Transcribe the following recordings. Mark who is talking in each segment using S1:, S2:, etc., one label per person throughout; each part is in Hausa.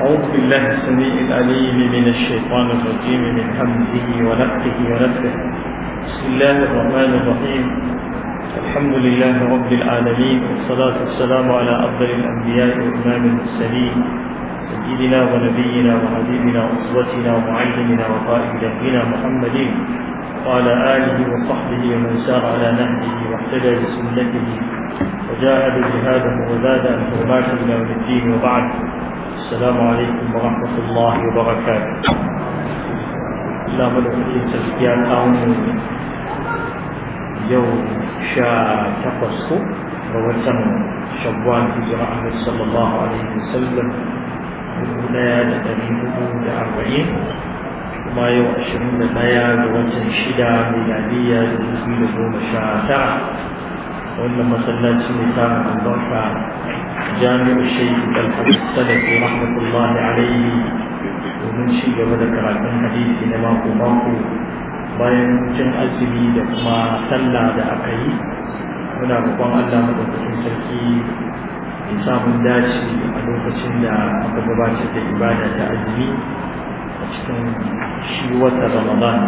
S1: أعوذ بالله السميع العليم من الشيطان الرجيم من حمده ونفخه ونفه بسم الله الرحمن الرحيم الحمد لله رب العالمين والصلاة والسلام على أفضل الأنبياء وإمام المرسلين سيدنا ونبينا وحبيبنا وأسوتنا ومعلمنا وقائد دربنا محمد وعلى آله وصحبه ومن سار على نهجه واهتدى بسنته وجاهد جهاده وزاد أن حرمات إلى الدين وبعد السلام عليكم ورحمة الله وبركاته لا ملوكين تسكيا قوم يوم شاء تقصو روتم شبوان في جراحه صلى الله عليه وسلم ولا تريده أربعين وما يؤشرون بيان وتن شدة ميلادية لتسبيل قوم شاء تعب وإنما صلى الله عليه وسلم جامع da الحديث السلفي رحمة الله عليه ومن da karatun عن na mako ماكو bayan cin azumi da kuma sallah da aka yi muna roƙon Allah madaukakin sarki ya samun dace a lokacin da aka gabatar da ibada ta azumi a cikin shi wata ramadan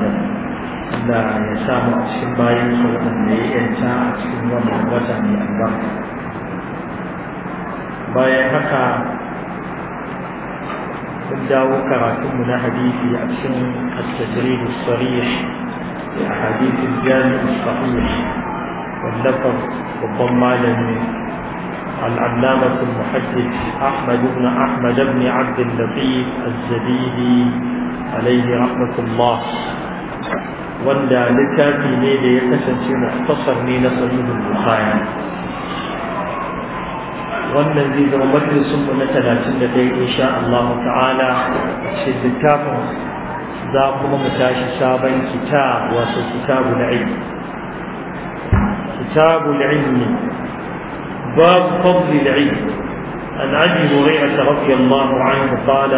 S1: da Allah ya samu a cikin bayan sauran da ya yanta a cikin wannan wata mai albarka bayan haka sun dawo karatunmu na hadisi a cikin at-tajrid sarih da hadith al-jami' sahih wallafar babban malami العلامة المحدث أحمد بن أحمد بن عبد اللطيف الزبيدي عليه رحمة الله wanda littafi ne da ya kasance muhtasar ne na sahihul bukhari wannan zai zama majalisun mu na talatin da ɗaya insha Allah ta'ala shi littafin za kuma mu tashi sabon kitab wato kitabul ilmi kitabul ilmi باب فضل العلم عن ابي هريره رضي الله عنه قال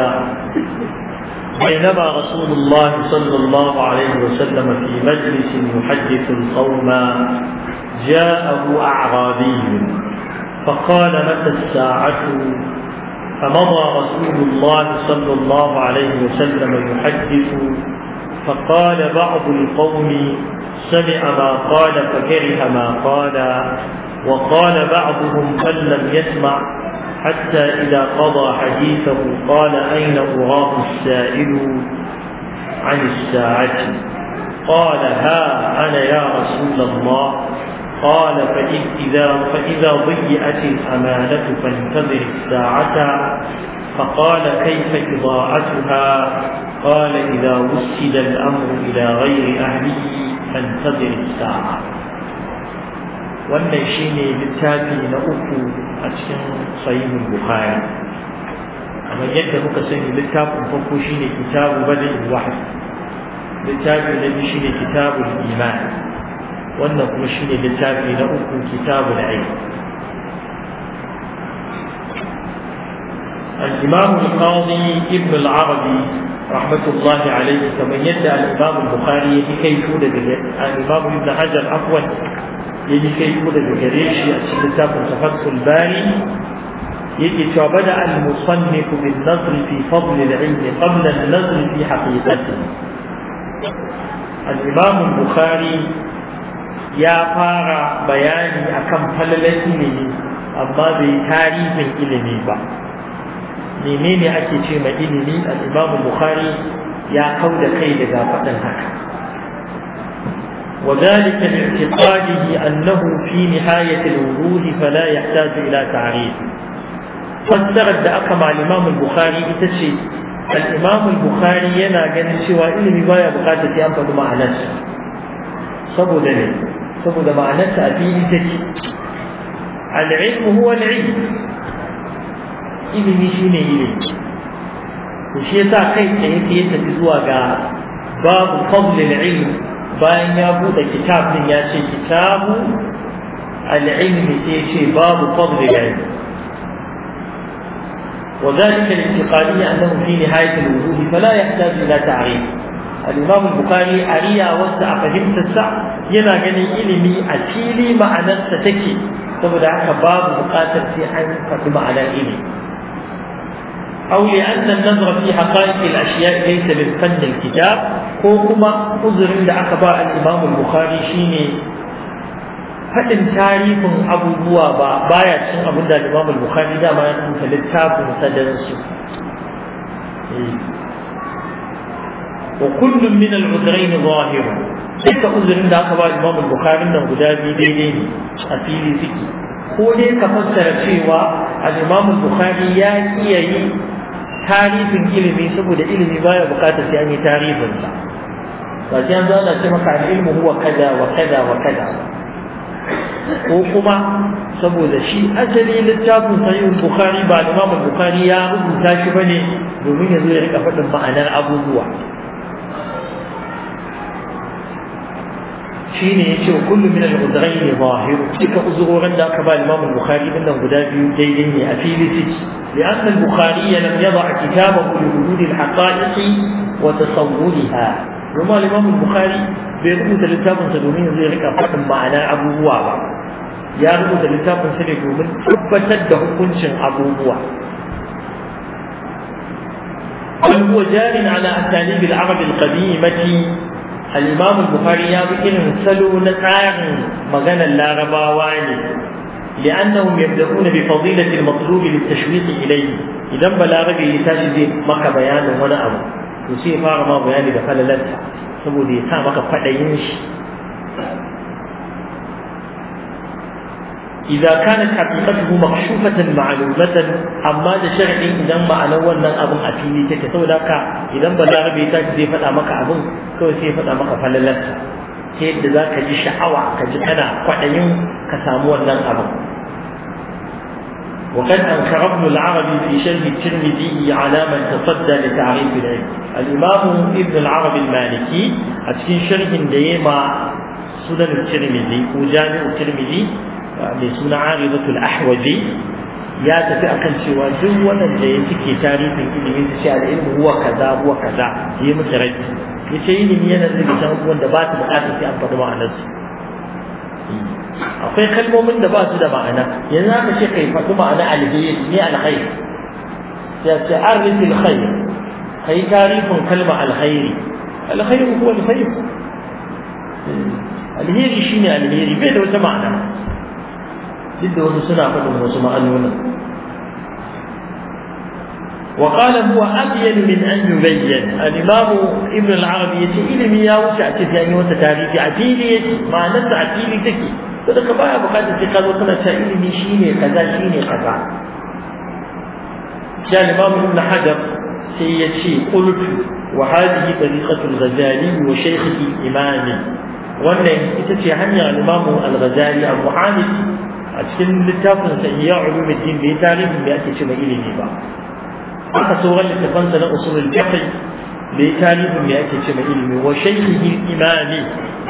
S1: بينما رسول الله صلى الله عليه وسلم في مجلس يحدث القوم جاءه اعرابي فقال متى الساعة فمضى رسول الله صلى الله عليه وسلم يحدث فقال بعض القوم سمع ما قال فكره ما قال وقال بعضهم من لم يسمع حتى إذا قضى حديثه قال أين أراه السائل عن الساعة قال ها أنا يا رسول الله قال فإذا, فإذا ضيئت الأمانة فانتظر الساعة فقال كيف إضاعتها قال إذا وسد الأمر إلى غير أهله فانتظر الساعة wannan shi ne littafi na uku a cikin sahihul bukhari amma yadda muka sani littafin farko shine kitabu badal wahyi littafi na biyu shine kitabul iman wannan kuma shi ne littafi na uku الإمام القاضي ابن العربي رحمة الله عليه كما يدعى الإمام البخاري لكي يكون الإمام ابن حجر عفوا لكي يكون الجريشي كتاب التفسر الباري يجي بدأ المصنف بالنظر في فضل العلم قبل النظر في حقيقته الإمام البخاري يا fara بياني أكم falalar ilimi amma bai tarihin ilimi ba menene ake ce mai ilimi al-Imam Bukhari ya kau da kai وذلك لاعتقاده انه في نهايه الوجود فلا يحتاج الى تعريف فاسترد أكم على الامام البخاري تشي الامام البخاري ينا غني شيء وايه بيقول يا بخاري تيام فما علاش سبب ذلك saboda ma'anarsa a fili take al'ilmu huwa al'ilm ilimi shine ilimi to shi yasa kai tsaye sai ya tafi zuwa ga babu fadlil ilm bayan ya bude kitab din ya ce kitabu العلم تيشي باب فضل العلم وذلك الانتقالية أنه في نهاية الوجود فلا يحتاج إلى تعريف al-imam bukhari ariya wanda a fahimtarsa yana ganin ilimi a fili ma'anarsa take saboda haka babu bukatar sai an faɗi ma'anar ilimi أو لأن النظر في حقائق الأشياء ليس من فن الكتاب كوكما أذر لأقباء الإمام البخاري شيني faɗin tarihin abubuwa ba baya cin abin da Imam Bukhari dama ya rubuta littafin sadansu eh. wa kullum min al-udhrayn zahir duka uzurin da aka ba Imam Bukhari nan guda biyu daidai ne a fili suke
S2: ko dai ka fassara cewa
S1: al-Imam Bukhari ya iya yi tarihin ilimi saboda ilimi baya bukatar sai an yi tarihin sa ba sai an zana ce maka ilmu huwa kaza wa kaza wa kaza ko kuma saboda shi asali littafin sahihul bukhari ba Imam Bukhari ya rubuta shi bane domin ya zo ya rika faɗin ma'anar abubuwa
S2: shine yace wa kullu min al-udghayni zahir
S1: duka uzurorin da aka ba Imam al-Bukhari din daidai ne a لأن البخاري لم يضع كتابه لوجود الحقائق وتصورها وما الإمام البخاري بيقول الكتاب سدومين زي ركا فتن معنا أبو بوابا يا رب الكتاب سلومين حب سده كنش أبو بوابا بل هو جار على أساليب العرب القديمة الإمام البخاري يقول إن ya bi irin لا na tsarin لأنهم يبدأون بفضيلة المطلوب للتشويق إليه إذا بلاغة يتاجي يتاجد مكة بيان هنا أبو يصير فارما بيان دخل لدها سبو دي تا مكة ينشي إذا كانت حقيقته مكشوفة معلومة أما ده شرعي إذا ما أنا ولا أبو أتيني تكتو لك إذا بلا غبي تجدي فلا مك أبو كو سي فلا مك فللت سيد ذاك جي شعوة كجي أنا قعيم كسامو ولا أبو وقد أنكر ابن العربي في شرح الترمذي على من تصدى لتعريف العلم الإمام ابن العربي المالكي أتكين شرح ديما سنن الترمذي وجامع الترمذي mai suna aribatul ahwaji ya tafi akan cewa duk waɗanda ya cike tarihin ilimi su ce al'ilmu huwa kaza huwa kaza yi musu rai ya ce ilimi yana da cikin abubuwan da ba su buƙatar sai an faɗi ma'anarsu akwai kalmomin da ba su da ma'ana yanzu haka ce kai faɗi ma'ana alheri ne alkhairi ya ce arifin khair kai tarihin kalma alkhairi alkhairi huwa alkhairi alheri shine alheri bai da wata ma'ana duk da wasu suna faɗin wasu ma'anonin وقال هو أبين من أن يبين الإمام ابن العربي يتئلم يا وسع تفيان وتتاريخ عتيلي ما نسى عتيلي تكي فذلك ما بقات اتقال وطنة من شيني كذا شيني كذا جاء الإمام ابن حجر سيتشي قلت وهذه طريقة الغزالي وشيخه إمامي wannan ita ce الإمام الغزالي أبو حامد a cikin littafin sa iya din bai tarihin da ake cewa ilimi ba haka sauran littafan sa na usulul fiqh bai tarihin da ake cewa ilimi wa shaykhihi imami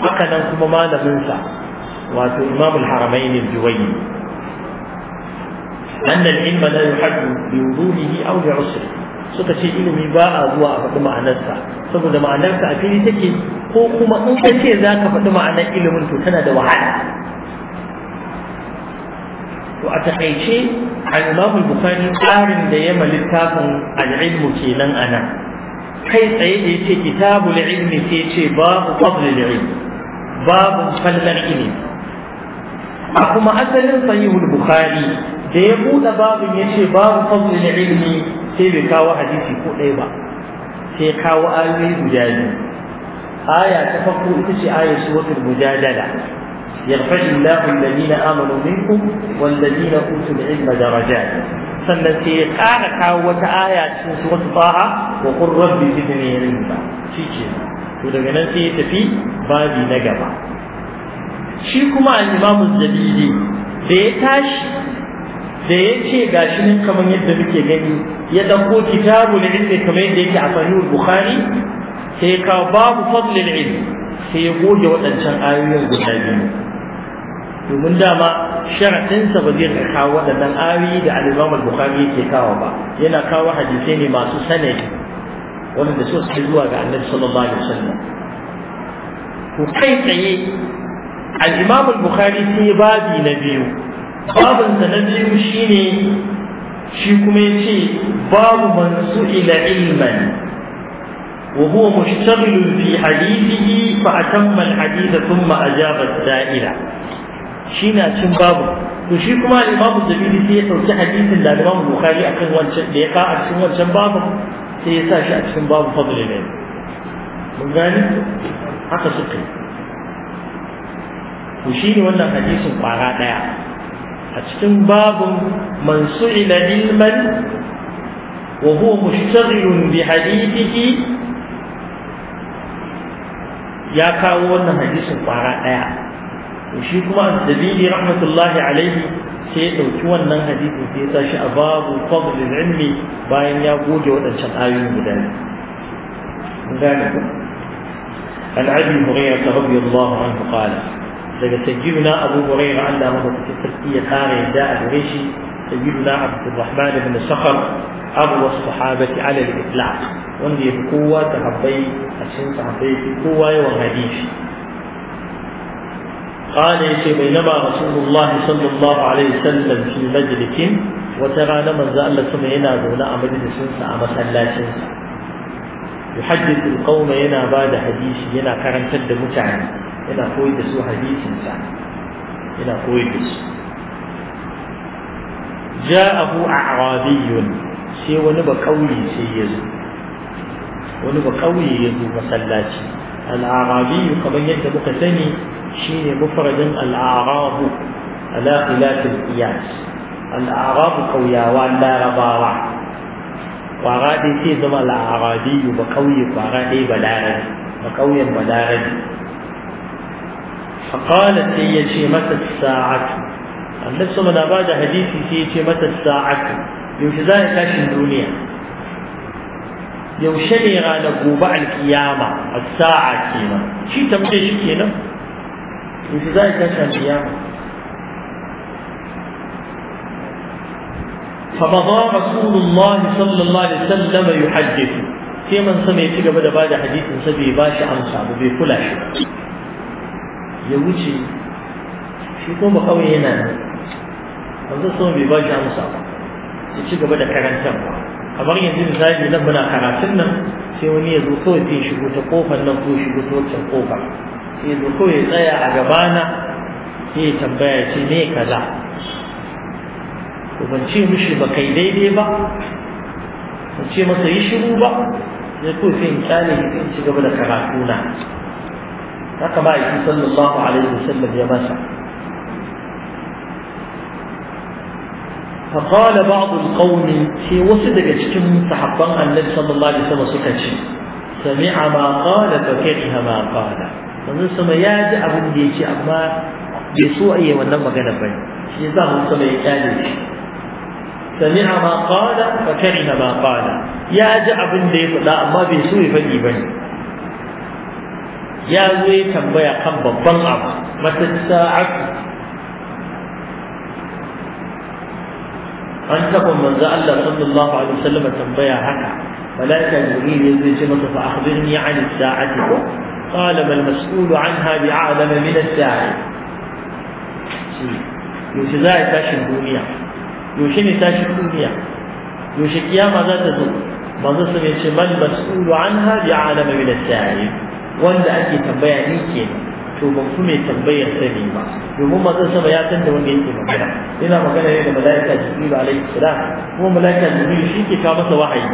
S1: haka nan kuma malaminsa wato imamul haramain al-juwayyi أن العلم لا يحد بوضوحه أو بعسره suka ce ilimi ba a zuwa a faɗi ma'anarsa saboda ma'anarsa a fili take ko kuma in ka ce za ka faɗi ma'anar ilimin to tana da wahala to a takaice al-Imam al-Bukhari tsarin da ya ma littafin al ke kenan anan kai tsaye da yace kitabul ilmi sai ce babu qabl al-ilm babu fallar ilmi a kuma asalin al bukhari da ya buɗe babin ce babu qabl al-ilmi sai bai kawo hadisi ko ɗaya ba sai kawo ayoyi guda biyu aya ta farko ita ce ayatu al mujadala يرفع الله الذين آمنوا منكم والذين أوتوا العلم درجات sannan sai ya ƙara kawo wata aya cikin suratul taha wa qur rabbi ba, ilma shike to daga nan sai ya tafi babi na gaba shi kuma al-imam zabidi da ya tashi da ya ce gashi nan kamar yadda muke gani ya dauko kitabul ilmi kamar yadda yake a sahihul bukhari sai ya kawo babu fadlil ilmi sai ya goge waɗancan ayoyin guda biyu domin dama sharaɗinsa ba zai kawo waɗannan ayoyi da al-Imam al-Bukhari yake kawo ba yana kawo hadisai ne masu sanadi wanda su suke zuwa ga Annabi sallallahu alaihi wasallam ko kai tsaye al-Imam al-Bukhari sai babi na biyu babin sa na biyu shine shi kuma yace babu man su'ila ilman وهو مشتغل في حديثه فأتم الحديث ثم أجاب السائل shi na cin babu to shi kuma imamu zabiri sai ya ɗauki hadisin da imamu bukari akan wancan da ya ka a cikin wancan babu sai ya sa shi a cikin babu fadlul ilm mun gani haka suka yi to shi ne wannan hadisin kwara ɗaya a cikin babu man su'ila ilman wa huwa mushtaghilun bi hadithihi ya kawo wannan hadisin kwara ɗaya shi kuma dalili rahmatullahi alaihi sai ya ɗauki wannan hadisin sai ya sa shi a babu fadlil ilmi bayan ya goge waɗancan ayoyin guda biyu gane ku an abi hurairah radiyallahu anhu qala daga sayyidina abu hurairah Allah madaukakin sarki ya kare yadda a gare shi sayyidina abdurrahman ibn sakhar أروى الصحابة على الإطلاق وأن يبقوا تحبي أشين تحبي في قوة وغديش قال يشي بينما رسول الله صلى الله عليه وسلم في مجلس وترى لما زال ثم ينادون أمدن سنسى أمسا لا سنسى يحدث القوم ينا بعد حديث ينا كرن تد متعن ينا قويد سو حديث سنسى ينا قويد سو جاءه أعرابي sai wani ba kauye sai ya zo wani ba kauye ya zo masallaci al'arabi kamar yadda muka sani شيء مفرد الأعراب على خلاف القياس الأعراب وأن لا ربارة وغادي في زمان الأعرابي بقوي وغادي بلارد بقوي بلارد
S2: فقالت
S1: هي شيء متى الساعة النفس من الله حديثي في شيء متى الساعة يوجد ذلك الدنيا يوشني ne ranar القيامة الساعة a sa'a تمشي shi كيما yanzu za a tashi alƙiyama فمضى رسول الله صلى الله عليه وسلم يحدث sai man sama ya ci gaba da bada hadisin sa bai ba shi amsa ba bai kula shi ya wuce
S2: shi kuma kawai yana nan
S1: wanzu sama bai ba shi amsa ba ya ci gaba da karantar ba kamar yanzu misali nan muna karatun nan sai wani ya zo kawai sai shigo ta kofar nan ko shigo ta wancan kofar ya zo ya tsaya a gabana ya tambaya ce me kaza to ban ce mishi ba kai daidai ba ban ce masa yi shiru ba ya ko sai in kyale in ci gaba da karatuna na haka ba yake sallallahu alaihi wasallam ya masa فقال بعض القوم في وسط جتكم صحبان النبي صلى الله عليه وسلم سكتي سمع ما قال فكره ما قال manzon sama ya ji abin da ya ce amma bai so a yi wannan magana ba shi za mu sama ya kyale shi سمع ما قال وكره ما Ya ji abin da ya faɗa amma bai so ya faɗi ba ya zo ya tambaya kan babban abu mata sa'atu an taɓa manzo Allah sallallahu alaihi wasallam tambaya haka malaika jibril ya zo ya ce masa fa akhbirni an sa'ati طالما المسؤول عنها بعالم من الداعي yaushe za a tashin duniya yaushe ne tashin duniya yaushe kiyama za ta zo manzo sai ce man mas'ulu anha a alama min at-ta'ib wanda ake tambaya ni ke to ban ku mai tambayar sani ba domin manzo sama ya san da wanda yake magana Ina magana ne da malaika jibril alaihi salam kuma malaika jibril shi ke kawo masa wahayi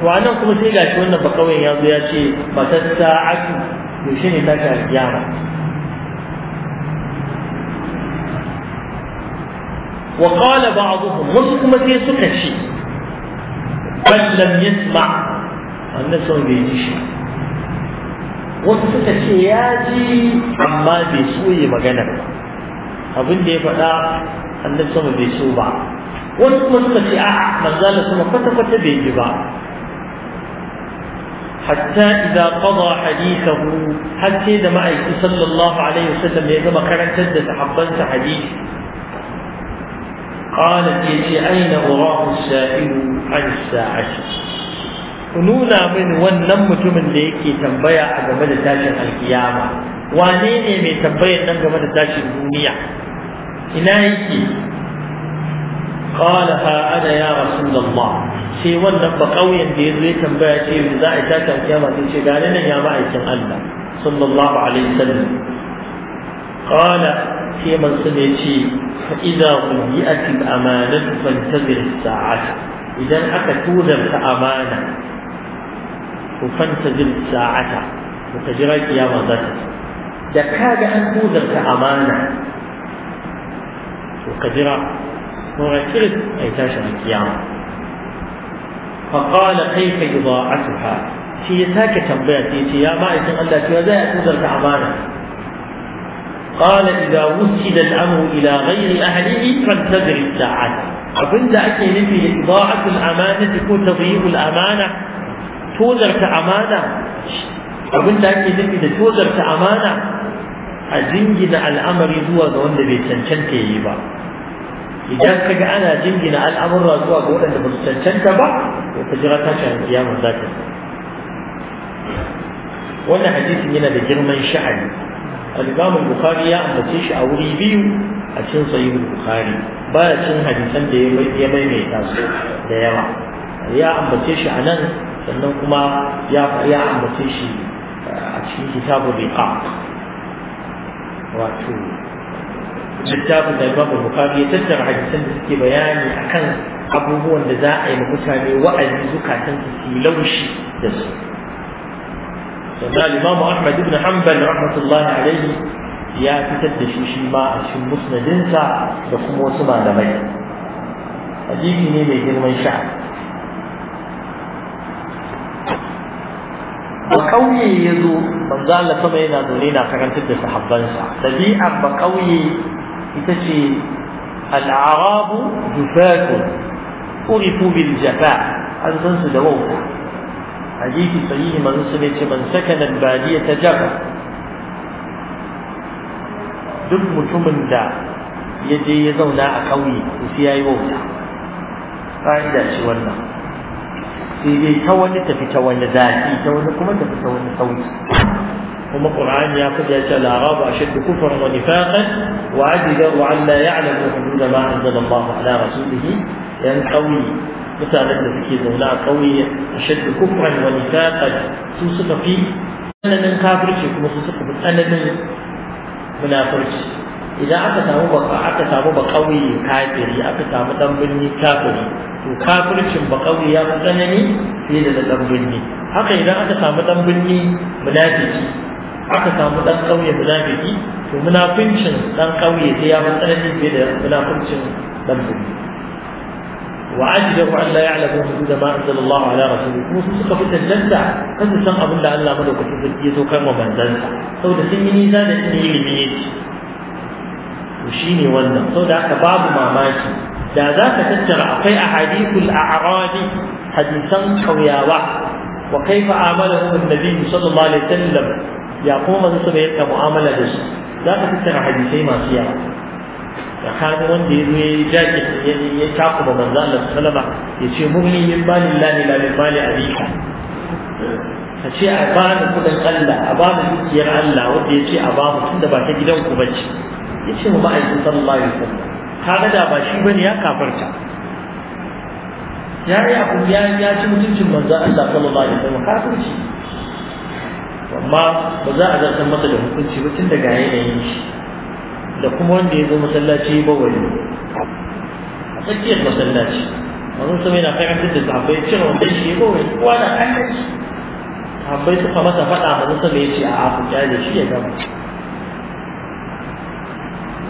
S1: to anan kuma sai gashi wannan ba kawai ya zo ya ce matasta aku shi ne tashi alkiyama wa qala ba'dhum wasu kuma sai suka ce bal lam yasma annabi sun bai ji shi wasu suka ce ya ji amma bai so yi maganar ba abin da ya faɗa annabi sama bai so ba wasu kuma suka ce a'a manzo Allah sama kwata kwata bai ji ba حتى إذا قضى حديثه حتى إذا معي صلى الله عليه وسلم يجب كان تدى تحبنت حديث قال يجي أين أراه السائل عن الساعة ونونا من ونم من ليك تنبيع أجمد تاشر القيامة وانيني من تنبيع أجمد تاشر الدنيا إنايكي قالها أنا يا رسول الله sai wannan ba kauyen da ya zai tambaya ce za a tashi kiyama sai ce gane nan ya ma'aikin Allah sallallahu alaihi wasallam qala sai manzo ne ce fa idza qudiyat al amanatu fantazir sa'ata idan aka tudar ta amana to fantazir sa'ata to ka jira kiyama za ta da kaga an tudar ta amana to ka jira ko ra kiris ai tashi kiyama. فقال كيف إضاعتها في ساكة تنبيتي يا ما يتم الله في وزاء تزل تعبانا قال إذا وسد الأمر إلى غير أهله فانتظر الساعة أبن ذاك نفي إضاعة الأمانة تكون تضييق الأمانة تزل تعبانا أبن ذاك نفي تزل تعبانا أزنجنا الأمر يزوى غوان نبي تنشنتي يبا idan ka ga ana jingina al'amurra zuwa ga waɗanda ba su cancanta ba to ka jira tashin kiyama za ta wannan hadisin yana da girman sha'ani al-Imam Bukhari ya ambace shi a wuri biyu a cikin Sahih Bukhari ba cikin hadisan da ya maimaita su da yawa ya ambace shi a nan sannan kuma ya ya ambace shi a cikin kitabu Biqaq wato littafin da Imam Bukhari ya tattara hadisan da suke bayani akan abubuwan da za a yi mutane wa'azi zukatan su laushi da su sannan Imam Ahmad ibn Hanbal rahmatullahi alaihi ya fitar da shi shi ma a cikin musnadinsa da kuma wasu malamai hadisi ne mai girman sha bakauye ya zo manzo Allah sama yana zaune yana karantar da sahabbansa dabi'ar bakauye ita ce al'arabu dufatu urifu bil jafa an san su da wauta hadisi sahihi manzo su ne ce man sakana badiya ta jaba duk mutumin da ya je ya zauna a ƙauye to sai yayi wauta fa'ida ce wannan sai dai ta wani tafi ta wani zafi ta wani kuma tafi ta wani sauki kuma qur'ani ya faɗa cewa al-arabu ashaddu kufran wa nifaqan wa ajidaru an la ya'lamu hudud ma anzala Allah ala rasulihi yan qawli mutanen da suke zaune a ƙauye a ashaddu kufran wani nifaqan su suka fi tsananin kafirci kuma su suka fi tsananin munafurci idan aka samu ba aka samu bakauye kafiri aka samu dan birni kafiri to kafircin ƙauye ya fi tsanani fiye da dan birni haka idan aka samu dan birni munafiki aka samu ɗan ƙauye munafiki to munafincin ɗan ƙauye sai ya fi tsanani fiye da munafincin ɗan birni wa ajidahu an la ya'lamu hudud da anzala Allah ala rasulih kuma su suka fi tantanta kan su san abin da Allah madaukakin sarki ya zo kai ma manzansa saboda sun yi nisa da sun yi ilimi yake to shine wannan saboda haka babu mamaki da za ka tattara akwai a ahadithul a'radi hadisan ƙauyawa, wa kaifa amalahu an-nabi sallallahu alaihi wasallam ya koma masu sama yadda mu'amala da su za ka tattara hadisai masu yawa tsakanin wanda ya zo ya yi jaki ya taku ba manzo Allah sallama ya ce mummi min bani lillahi la min bani abika ka ce a bani kudin Allah a bani dukiyar Allah wanda ya ce a bamu tunda ba ta gidan ku bace ya ce mu ma'aikin sallallahu alaihi wasallam kaga da ba shi bane ya kafarta ya yi abu ya ya ci mutuncin manzo Allah sallallahu alaihi wasallam kafirci amma ba za a zartar masa da hukunci ba tun daga yanayin shi da kuma wanda ya zo masallaci ba wani a tsakiyar masallaci wani sama yana karantar da sahabbai cin wanda shi ya bawai kowa
S2: na kallon shi
S1: su suka masa faɗa wani sami ya ce a aku jari shi ya gama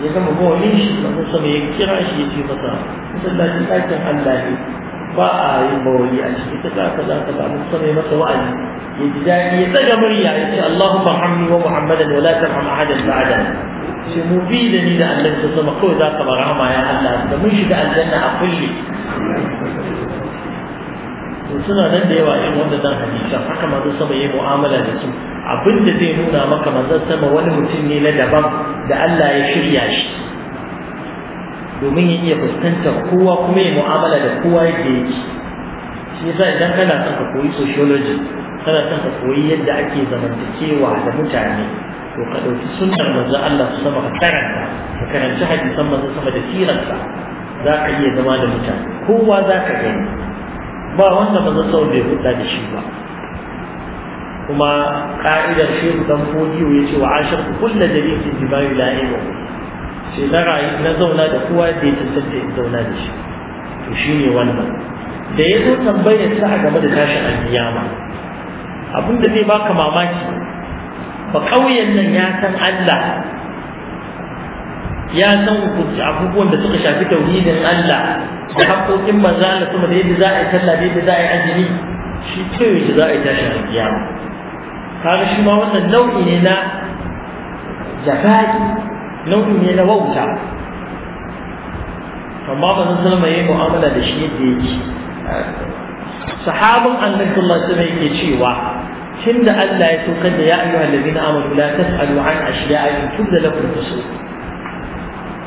S1: ya gama bawalin shi wani sami ya kira shi ya ce masa masallaci ɗakin Allah ne ba a yi bawali a cikin ta za ka za ka samu sanai masa wa'azi ya ji daɗi ya tsaga murya ya ce Allahumma hamni wa Muhammadan wa la tarham ahadan ba'da ce mu bi da ni da Allah ta sama kawai za ka barama ya Allah da mun shiga aljanna a kulle to suna nan da yawa yin wanda zan hadisa haka manzo sama yayi mu'amala da su abin da zai nuna maka manzo sama wani mutum ne na daban da Allah ya shirya shi domin ya iya fuskantar kowa kuma ya mu'amala da kowa yadda yake shi yasa idan kana son ka koyi sociology kana son ka koyi yadda ake zamantakewa da mutane to ka ɗauki sunnar manzon Allah su sama ka karanta ka karanci hadisan manzon sama da sirarsa za ka iya zama da mutane kowa za ka gani ba wanda manzon sama bai hulɗa da shi ba kuma ka'idar shehu dan fodiyo ya ce wa ashar kullu dalilin jibayu la'imu sai na zauna da kowa da ya tantance zauna da shi to shi ne wannan da ya zo tambayar a game da tashin alkiyama abin da zai baka mamaki ba ƙauyen nan ya san Allah ya san abubuwan da suka shafi tauhidin Allah da haƙoƙin manzo da kuma da yadda za a yi sallah da yadda za a yi azumi shi ce yadda za a yi tashin alkiyama kaga shi ma wannan nau'i ne na jakari. nau'i ne na wauta amma ba zan zama yayi mu'amala da shi yadda yake sahabin annabi sallallahu alaihi wasallam yake cewa da Allah ya saukar da ya ayyuhal ladina amanu la tas'alu an ashya'a in tubda lakum tusu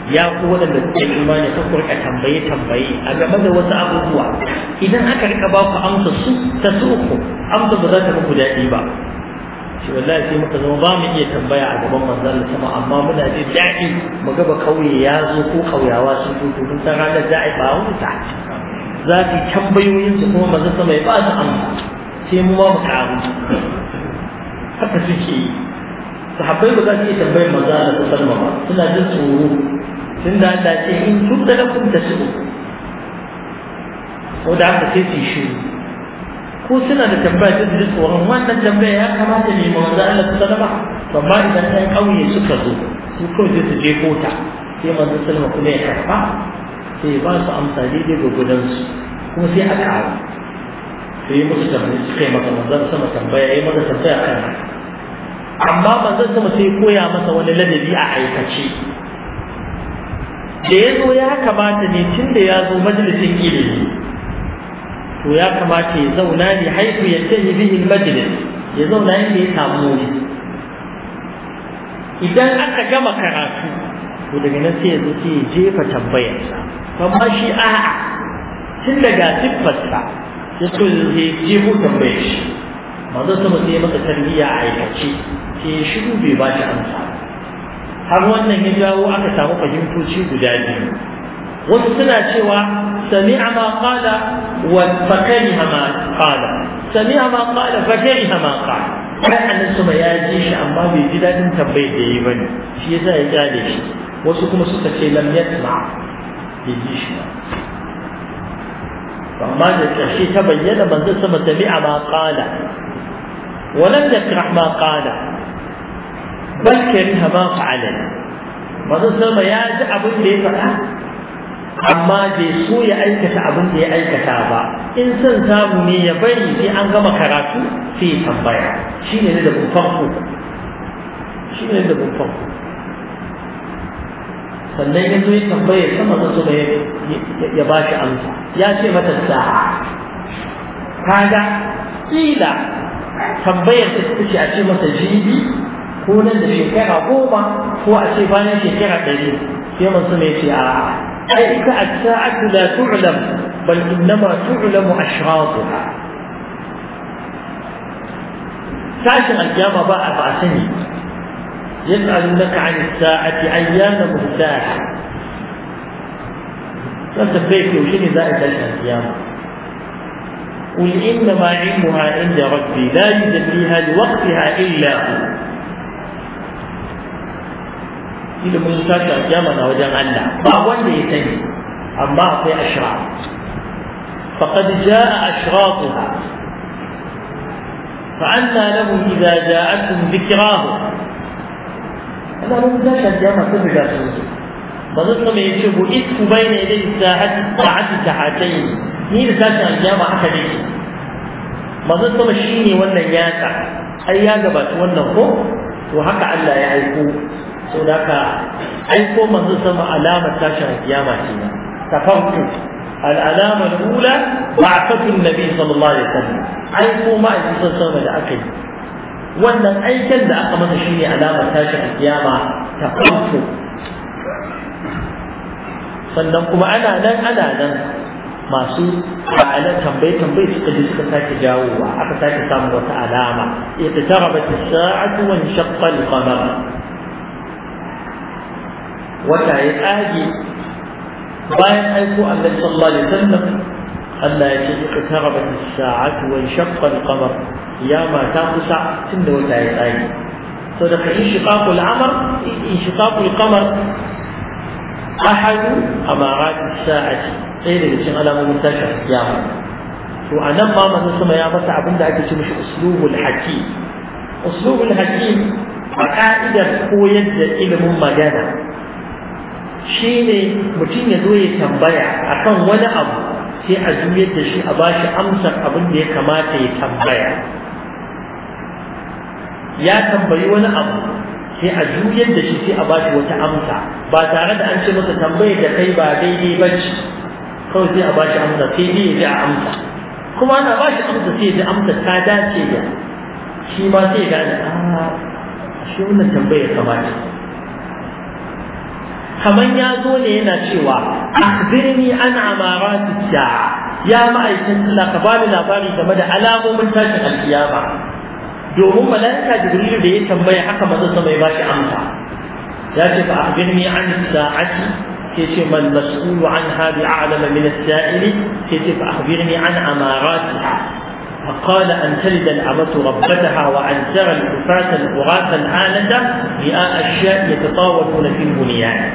S1: ya ku waɗanda suke imani ka kurka tambaye tambaye a game da wasu abubuwa idan aka rika ba ku amsa su ta su uku amsa ba za ta muku daɗi ba shi wallahi sai muka zama ba mu iya tambaya a gaban manzon sama amma muna ji daɗi mu gaba kauye ya zo ko kauyawa sun tutu mun san ranar za a yi ba wuta za su tambayoyin su kuma manzon sama ya ba su amsa sai mu ma mu karu haka suke yi sahabbai ba za su iya tambayar manzon Allah sallama ba suna jin tsoro tun da Allah ce in tun da kun ta su ko da haka sai su shiru ko suna da tambaya ta ji tsoron wannan tambaya ya kamata ne ma manzo Allah ta ba to amma idan ɗan ƙauye suka zo su kawai zai su je kota sai manzo sallama kuma ya karɓa sai ba su amsa daidai ga gudansu kuma sai a ƙara sai musu tambayi su kai maka manzo sama tambaya ya maka tambaya kan amma manzo sama sai koya masa wani ladabi a aikace da ya zo ya kamata ne tun da ya zo majalisin ilimi to ya kamata ya zauna ne haifu ya ce tafi bihin majalis ya zauna inda ya samu wuri idan aka
S2: gama karatu
S1: to daga nan sai ya zo sai ya jefa tambayarsa amma shi a'a tun daga siffarsa ya so ya jefo tambayar shi manzo sama sai ya masa tarbiyya a aikace sai ya shiru bai ba shi amsa har wannan ya jawo aka samu fahimtoci guda biyu wasu suna cewa سمع ما قال فكره ما قال سمع ما قال فكره ما قال kai annan sama ya ji shi amma bai ji dadin tambayar da yi bane shi yasa ya kyale shi wasu kuma suka ce lam yasma bai ji shi ba amma da ƙarshe ta bayyana manzon sama sami'a ma qala ولم يكره ما قال بل كره ما فعل manzon sama ya ji abin da ya faɗa amma bai so ya aikata abin da ya aikata ba in son samu ne ya bari sai an gama karatu sai tambaya shi ne da kufanku shi ne da kufanku sannan ya zo ya tambaya sama da zuba ya ba shi amsa ya ce mata sa'a kaga kila tambayar ta ce a ce masa jibi ko nan da shekara goma ko a ce bayan shekara ɗari sai masu mai ce a تلك الساعة لا تعلم بل إنما تعلم أشراطها تعشق أيام بعض سنة يسأل لك عن الساعة أيام مرتاحة فأنت بيك وشني ذلك الأيام قل إنما علمها عند ربي لا يدريها لوقتها إلا هو ilimin tashi a kiyama na wajen Allah ba wanda ya sani amma akwai ashra faqad jaa ashraquha fa anna lahu idza ja'atun dhikrahu ana mun tashi a kiyama sun riga sun zo manzo kuma ya ce bu'ithu bayna yaday sa'ati sa'ati sa'atayn ni da tashi a kiyama haka ne manzo kuma shine wannan yaka ai ya gabata wannan ko to haka Allah ya aiko Sau da ka aiko manzo sama alamar tashin kiyama ce tafakku al'alama al'ula ba'athatun nabi sallallahu alaihi wasallam aiko ma'aikatan sama da aka yi wannan aikin da aka masa shine alamar tashin kiyama tafakku sannan kuma ana nan ana nan masu ba'ala tambaye tambaye suka ji suka sake jawowa aka sake samun wata alama ita tarabata sa'atu wa shaqqa al-qamar wata ya tsage bayan aiko annabi sallallahu alaihi wasallam Allah ya ce iqtarabat as-sa'atu wa shaqqa al-qamar kiyama ta kusa tunda wata ya tsage saboda ka inshiqaqu al-amr inshiqaqu al-qamar ahad amarat as-sa'ati ɗaya daga cikin alamomin tashin kiyama to a nan ma manzon sama ya masa abin da ake ce mishi uslubul hakim uslubul hakim a ka'idar koyar da ilimin magana Shi ne mutum ya zo ya tambaya a kan wani abu sai a juyar da shi a bashi amsar abin da ya kamata ya tambaya ya tambayi wani abu sai a juyar da shi sai a bashi wata amsa ba tare da an ce masa tambayar da kai ba daidai ba ce kawai sai a bashi amsa sai dai ya ji a amsa kuma ana bashi amsa sai ya ji amsa ta dace da shi ma sai ya gane a ah, shi wannan tambayar kamata kaman ya zo ne yana cewa akhbirni an amarati sa'a ya ma'aikin Allah ka bani labari game da alamomin tashin alkiyama domin malaika jibrilu da ya tambaya haka manzon sa ya bashi amsa ya ce fa akhbirni an sa'ati ke ce man mas'ulu an hadi a'lama min as-sa'ili ke ce fa akhbirni an amaratiha فقال أن تلد الأمة ربتها وأن ترى الحفاة الغاة العالدة رئاء أشياء يتطاولون في البنيان.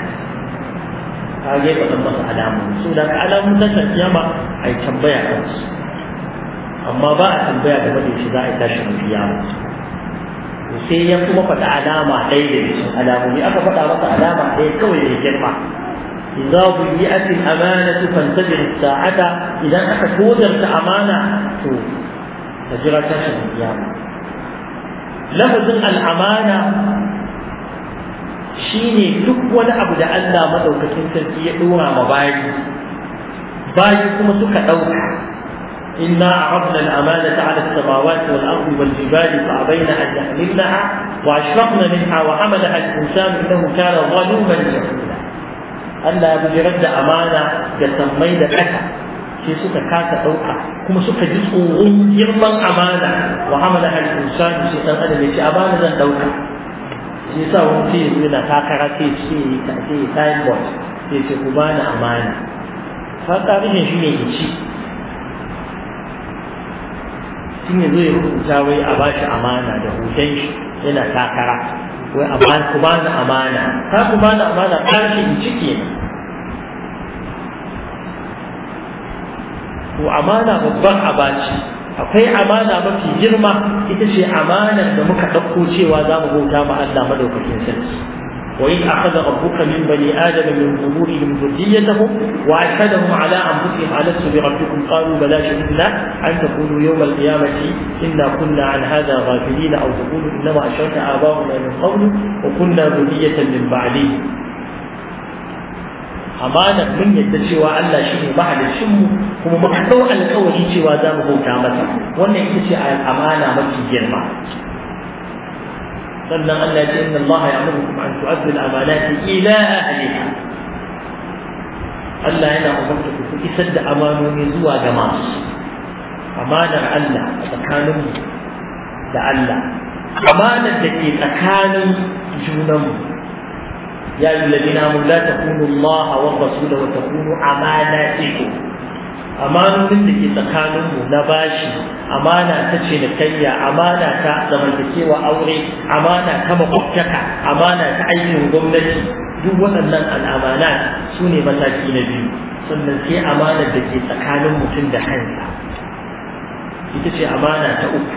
S1: هذا يبقى النص على مسؤولة على مدة القيامة أي تنبيع نفسه. أما بعد تنبيع بمدة شباب تشرب القيامة. وسيم يقوم قد علامة ليلة على مني أفقد علامة علامة هي كوي الجنة. إذا بيئت الأمانة فانتظر الساعة إذا أكدت أمانة hajira ta shirya lafazin al'amana shi ne duk wani abu da Allah maɗaukakin sarki ya ɗora ma bayi bayi إنا أعرضنا الأمانة على السماوات والأرض والجبال فأبينا أن يحملنها وأشرقن منها وحملها الإنسان إنه كان ظلوما جهولا. ألا أبو رد أمانة قسمينا لك sai suka kasa ɗauka kuma suka ji tsoron girman amana wa hamala al insani sai dan adam yace amana zan ɗauka shi yasa wani ce yanzu yana takara sai ce ta ce time box sai ce ku bani amana fa tarihin shi ne ya ci tun yanzu ya rubuta wai a bashi amana da hoton shi yana takara wai amana ku bani amana ka ku bani amana in ciki to amana babban abaci akwai amana mafi girma ita ce amanar da muka ɗauko cewa za mu bauta ma Allah madaukakin sarki وإذ أخذ ربك من بني آدم من ظهورهم ذريتهم وأشهدهم على أنفسهم ألست بربكم قالوا بلى شهدنا أن تقولوا يوم القيامة إنا كنا عن هذا غافلين أو تقولوا إنما أشرك آباؤنا من قبل وكنا ذرية من بعده Amanar mun yadda cewa Allah shi ne mahalicin mu kuma muka dau cewa za mu bauta masa wannan ita ce amana mafi girma sannan Allah ya ce inna Allah ya'murukum an tu'addu al-amanati ila ahliha Allah yana umarta ku isar da amanoni zuwa ga masu amanar Allah a da Allah amanar da ke tsakanin junanmu يا أيها الذين آمنوا لا تخونوا الله والرسول وتخونوا أماناتكم amanonin da ke tsakaninmu na bashi amana ta ce na kayya amana ta zamantakewa aure amana ta makwabtaka amana ta aikin gwamnati duk waɗannan al'amana su ne mataki na biyu sannan sai amanar da ke tsakanin mutum da kansa ita ce amana ta uku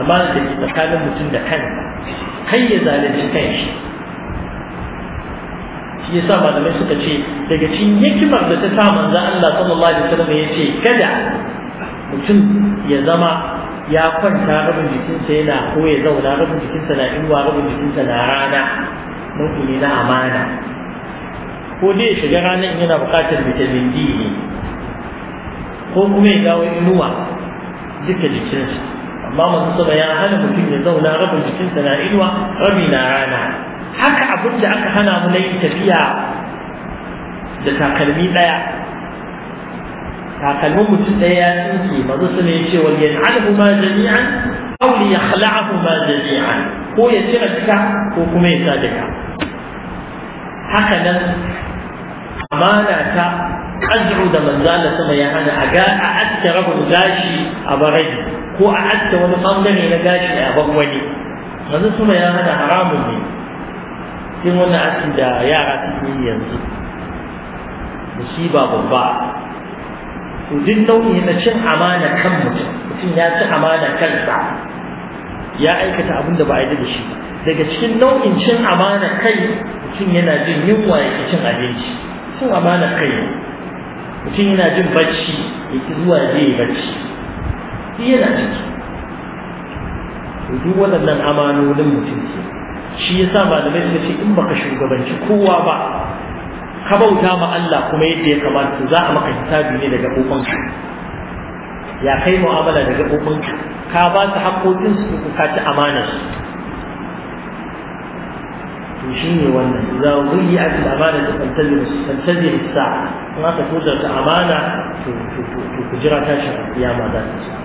S1: amana da ke tsakanin mutum da kansa kai ya zalunci kanshi shi yasa malamai suka ce daga cikin hikimar da ta sa manzo Allah sallallahu alaihi wasallam ya ce kada mutum ya zama ya kwanta rabin jikinsa yana ko ya zauna rabin jikinsa na inuwa rabin jikinsa na rana nau'i ne na amana ko dai ya shiga ranar yana buƙatar vitamin D ne ko kuma ya dawo inuwa duka jikinsa amma masu saba ya hana mutum ya zauna rabin jikinsa na inuwa rabi na rana haka abin da aka hana mu na yin tafiya da takalmi ɗaya takalmin mutum ɗaya ya tsinke mazu su ne ce wani yana alhu ma jami'an aw ya yakhla'ahu ma jami'an ko ya cire duka ko kuma ya sa duka haka nan amana ta azru da manzala sama ya hana a ga a aske rabin gashi a barai, ko a aske wani bangare na gashi a bagwani manzo sama ya hana haramun ne cikin wani asin da yara suke yi yanzu ba babba to duk nau'i na cin amana kan mutum mutum ya ci amana kansa ya aikata abin da ba a da shi daga cikin nau'in cin amana kai mutum yana jin yunwa ya cin abinci cin amana kai mutum yana jin bacci ya ki zuwa ya je bacci shi yana ciki duk waɗannan amanonin mutum ke shi yasa malamai suka ce in baka shugabanci kowa ba ka bauta ma Allah kuma yadda ya kamata za a maka hisabi ne daga kofanka ya kai mu'amala daga kofanka ka ba su haƙoƙin su ko ka ci amanar su to shine wannan idza wuli'at al-amana fantazir fantazir as-sa'a in aka tura ta amana to ku jira tashin kiyama za ta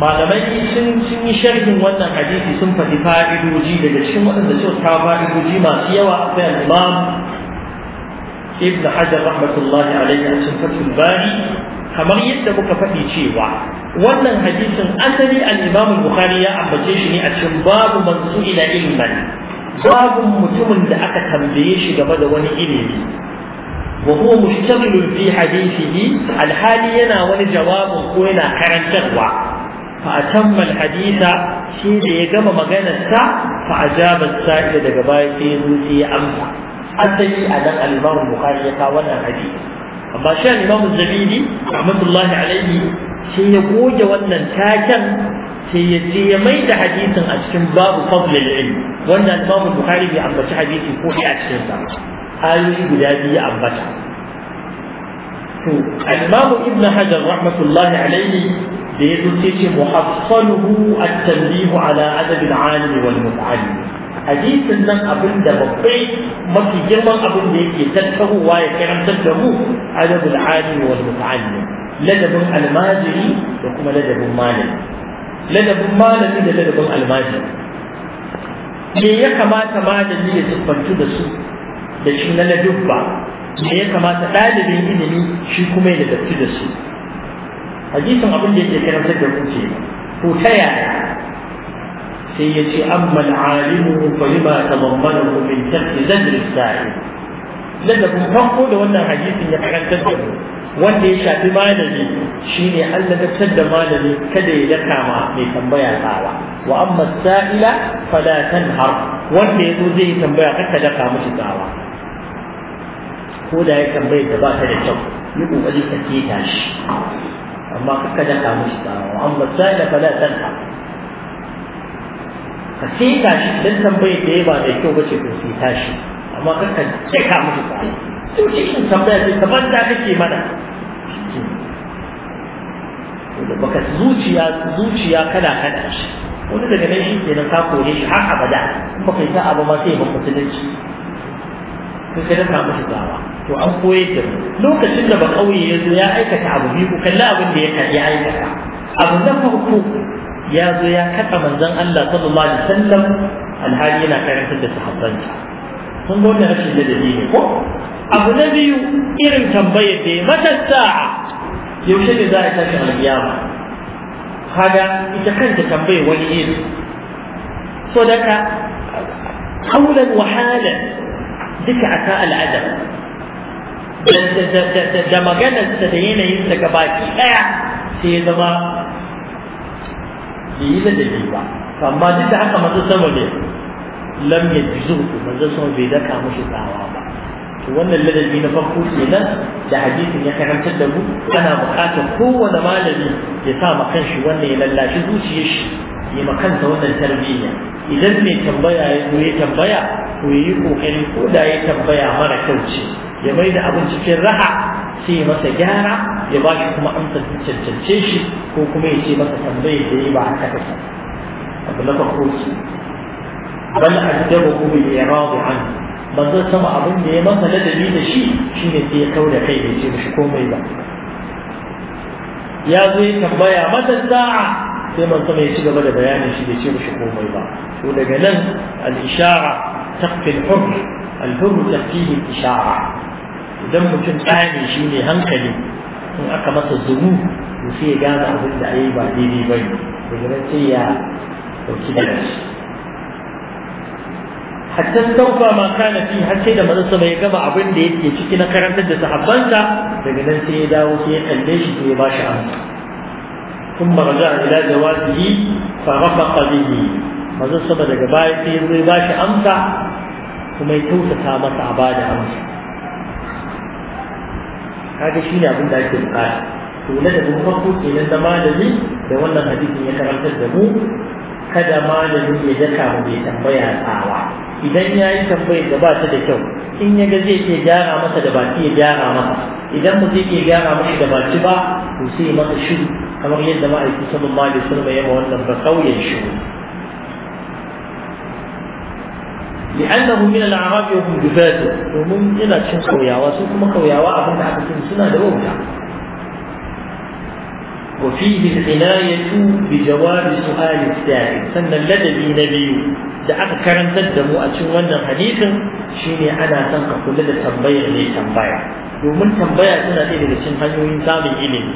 S1: malamai sun sun yi sharhin wannan hadisi sun faɗi fa'idoji daga cikin waɗanda suka kawo fa'idoji masu yawa akwai al-imam ibn hajar rahmatullahi alaihi a cikin fatul bari kamar yadda muka faɗi cewa wannan hadisin asali al-imam bukhari ya ambace shi ne a cikin babu man ila ilman babu mutumin da aka tambaye shi game da wani ilimi وهو مشتغل في حديثه الحالي ينا ko yana karantarwa. فأتم الحديث شيء يجمع مغانا الساعة فأجاب السائل دقبائي في نوتي أمسا أدري أن الإمام البخاري يتاول الحديث amma shi al-Imam Zabidi rahmatullahi alaihi sai ya goge wannan taken sai ya je ya mai da hadisin a cikin babu fadlil ilm wanda al-Imam Bukhari bai ambaci hadisi ko a cikin sa guda biyu ambata to Ibn Hajar rahmatullahi da ya zuce ce muhaffaluhu at-tanbihu ala adab al-alim wal mut'allim hadisin nan abin da babbai mafi girman abin da yake tattaruwa ya karantar da mu adab al-alim wal mut'allim ladabin almajiri da kuma ladabin malami ladabin malami da ladabin almajiri me ya kamata malami ya siffantu da su da shi na ladubba me ya kamata ɗalibin ilimi shi kuma ya tafi da su hadisin abin da yake karantar da kuce ko ta yaya sai ya ce amma al'alimu fa lima tadammanahu min tarki zadri sa'i ladabin farko da wannan hadisin ya karantar da mu wanda ya shafi malami shine Allah ta da malami kada ya daka ma mai tambaya tsawa wa amma sa'ila fala tanhar wanda yazo zai tambaya kada daka mishi tsawa ko da ya tambaye da ba ta da kyau yi kokari ka keta shi amma kaka daka mishi tsawa amma da fala tanha ka ka shi dan tambayar da ba da kyau bace ka ta shi amma kaka daka mishi tsawa
S2: to shi kin tambaya sai
S1: ka banta kake mana da baka zuciya zuciya kana kada shi wani daga nan shi kenan ka kore shi har abada in baka yi ta abu ma sai ba mutunci sai ka daka mishi tsawa to an koyar da mu lokacin da ba kauye ya zo ya aikata abu biyu ku kalli abin da ya aikata abu na farko ya zo ya kaɗa manzon Allah sallallahu alaihi wasallam alhali yana karantar da sahabbansa kun ga wannan rashin ladabi ne ko abu na biyu irin tambayar da ya mata sa'a yaushe ne za a tashi alƙiyama kaga ita kanta tambayar wani iri so daga haulan wahala duka aka al'adab da maganarsa da ta ga baki ɗaya sai ya zama da yi ladabi ba amma duk da haka masu sama ne lam ya jizo manzo sama bai daka mushi tsawa ba to wannan ladabi na farko kenan da hadisin ya karantar da mu ana buƙatar kowane malami ya sa ma kanshi wannan ya lallashi zuciyar shi ya ma wannan tarbiyya idan mai tambaya ya zo ya tambaya to yi kokari ko da ya tambaya mara kyau ce ya mai da abin cikin raha sai masa gyara ya ba shi kuma amsa ta cancance shi ko kuma ya ce masa tambayar da yi ba a kasa sa abu na farko ce bal ajabu kuma ya rabu an manzo sama abin da ya masa ladabi da shi shine sai ya kauda kai ya ce mishi komai ba ya zo ya tambaya mata sa'a sai manzo mai ci gaba da bayanin shi bai ce mishi komai ba to daga nan al-ishara taqfi al-hukm al-hukm taqfi al-ishara idan mutum ɗani shi ne hankali in aka masa zumu, to sai ya gane abin da ayi ba daidai ba ne daga nan sai ya
S2: ɗauki daga shi
S1: hatta taufa ma kana fi har sai da manzo ya gama abin da yake ciki na karantar da sahabbansa daga nan sai ya dawo sai ya kalle shi sai ya shi amsa ثم رجع إلى جوازه فرفق به manzon sama daga baya sai ya ba shi bashi amsa kuma ya kyautata masa a bada amsa kaga ne abin da ake bukata to na da farko kenan da malami da wannan hadisin ya karantar da mu kada malami ya daka mu bai tambaya tsawa idan ya yi tambayar da ba ta da kyau in ya ga zai iya gyara masa da baki ya gyara masa idan mu zai iya gyara masa da baki ba to sai masa shiru kamar yadda ma'aikatan sallallahu alaihi wasallam ya ma wannan ba kauyen shiru لأنه من الأعراب يوم دفاته ومن إلى شن قوياوة ثم قوياوة أبن عبد سنة دوجة وفيه العناية بجواب سؤال السائل سنة الذي نبي دعك كرم تدم أتشون حديثا شيني أنا تنقى كل التنبيع لي تنبيع ومن تنبيع سنة إلى شن hanyoyin samun ilimi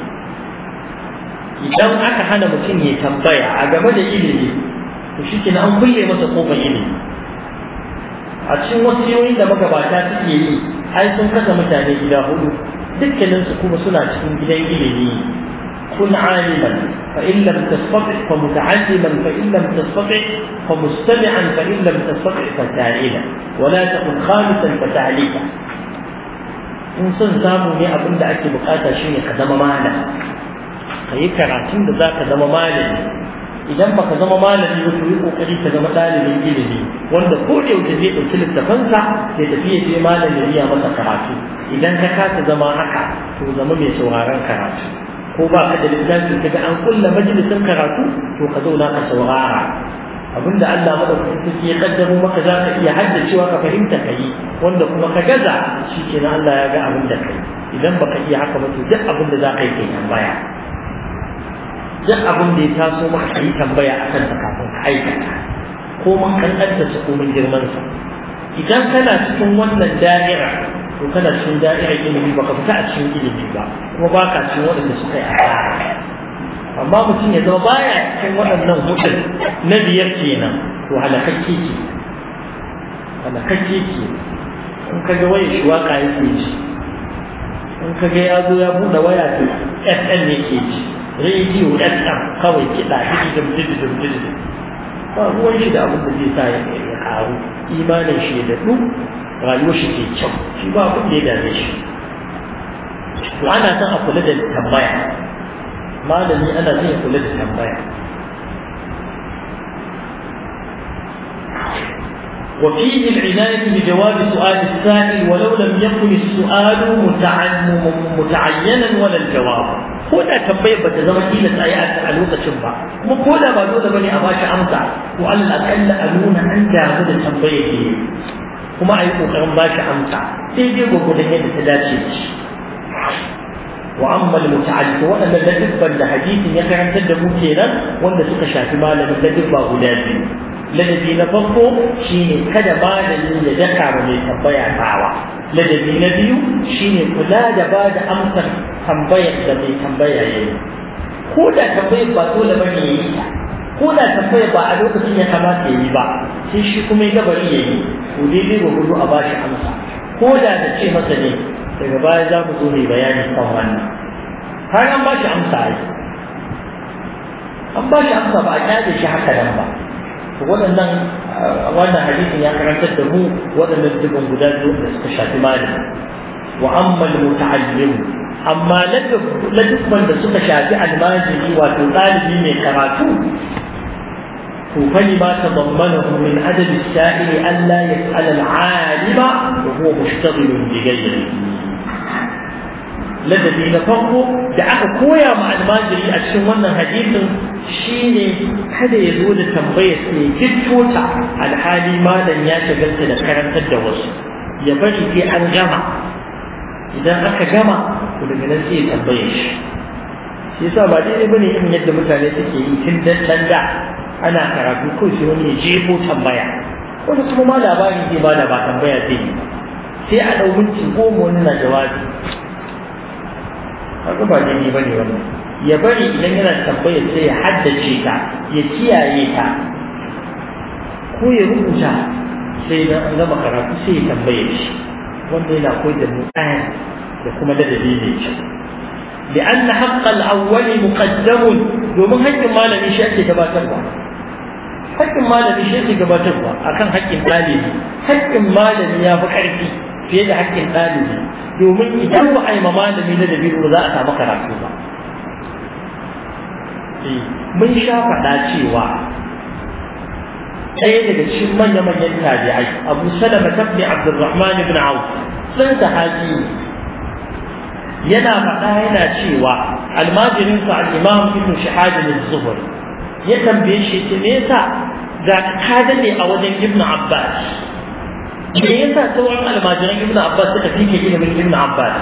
S1: idan aka hana mutum ya tambaya a game da ilimi to shi an kulle masa kofar ilimi a cikin wasiyoyin da magabata suke yi ai sun kasa mutane gida hudu dukkanin su kuma suna cikin gidan ilimi kun aliman fa in lam tastati fa muta'alliman fa in lam tastati fa mustami'an fa in lam tastati fa ta'ila wa la takun khamisan fa ta'lika in sun samu ne abin da ake bukata shine ka zama malam kayi karatun da zaka zama malami idan baka zama malami ba yi kokari ka zama ɗalibin ilimi wanda ko da yaushe zai ɗauki littafansa ya tafi ya je malami ya masa karatu idan ka kasa zama haka to zama mai sauraron karatu ko ba ka da littafi ka ga an kulla majalisin karatu to ka zauna ka saurara abinda Allah madaukakin sarki ya kaddaro maka za ka iya haddacewa ka fahimta ka yi wanda kuma ka gaza shi kenan Allah ya ga abin da kai idan baka iya haka ba to duk abin da za ka yi kai tambaya duk abin da ya taso maka ka yi tambaya a kansa kafin ka aikata ko mun kankanta su ko mun girman sa idan kana cikin wannan da'ira to kana cikin da'irar ilimi baka fita a cikin ilimi ba kuma ba ka cikin waɗanda suka yi asara amma mutum ya zama baya cikin waɗannan hudun na biyar kenan to halakakke ke halakakke ke in ka ga waya shi waka yake ji in ka ga ya zo ya buɗe waya to fm yake ji راديو اف قوي كذا حجم جذب جذب فهو يجد ابو بن ساي يحاول ايمان الشيء ده رايوش في تشوف في باب يدا ليش وانا تاخذ لدى التنبيه ما لني انا زي اقول لدى التنبيه وفيه العناية بجواب سؤال السائل ولو لم يكن السؤال متعينا ولا الجواب ko da tambayar bata zama kila tsaye a lokacin ba kuma ko da ba dole bane a shi amsa ko Allah akalla a nuna an damu da tambayar da kuma a yi kokarin shi amsa sai dai gwagwadon yadda ta dace da shi wa amma muta'alliq waɗanda dubban da hadisin ya karantar da mu kenan wanda suka shafi malamin ladibba guda biyu ladabi na farko shine kada malami ya daka ba mai tambaya tawa ladabi na biyu shine kula da ba da amsar tambayar da mai tambaya ya yi ko da tambayar ba dole ba ne ya yi ko da tambayar ba a lokacin ya kamata ya yi ba sai shi kuma ya gabari ya yi to daidai ba gudu a bashi amsa ko da ta ce masa ne daga baya za ku zo mai bayani kan wannan har an bashi amsa ai an bashi amsa ba a kyale shi haka nan ba waɗannan wannan hadisin ya karantar da mu waɗannan dubban guda biyu da suka shafi malami wa ammal muta'allim amma na dubban da suka shafi almajiri wato ɗalibi mai karatu to fani ma ta zammanahu min adadi sa'ili an la yas'al al'alima wa huwa mushtaghilun
S2: bi ghayrihi
S1: ladabi na farko da aka koya ma almajiri a cikin wannan hadisin shine kada ya zo da tambayar sai gittota alhali malam ya shagalta da karantar da wasu ya bari sai an gama idan aka gama ku daga nan sai ya tambaye shi shi yasa ba daidai bane in yadda mutane suke yi tun da can da ana karatu kawai sai wani ya jefo tambaya wani kuma ma labari zai bada ba tambaya zai yi sai a ɗau minti goma wani na jawabi haka ba daidai ba ne wannan ya bari idan yana tambayar sai ya haddace ta ya kiyaye ta ko ya rubuta sai na an gama karatu sai ya tambaye shi wanda yana koyar da mu da kuma ladabi mai kyau لأن حق الأول muƙaddamun? domin haƙƙin malami shi ake gabatarwa haƙƙin malami shi ake gabatarwa akan haƙƙin ɗalibi haƙƙin malami ya fi ƙarfi fiye da haƙƙin ɗalibi domin idan ba a yi ma malami na ba za a samu karatu ba eh, mun sha faɗa cewa ɗaya daga cikin manya-manyan tabi'ai abu salama tabbi Abdulrahman ibn auf sun sahabi yana faɗa yana cewa almajirinsa al-imam ibn shahab ya tambaye shi ce me yasa da ka dade a wajen ibn abbas me sa sauran almajiran ibn abbas suka fike ilimin ibn abbas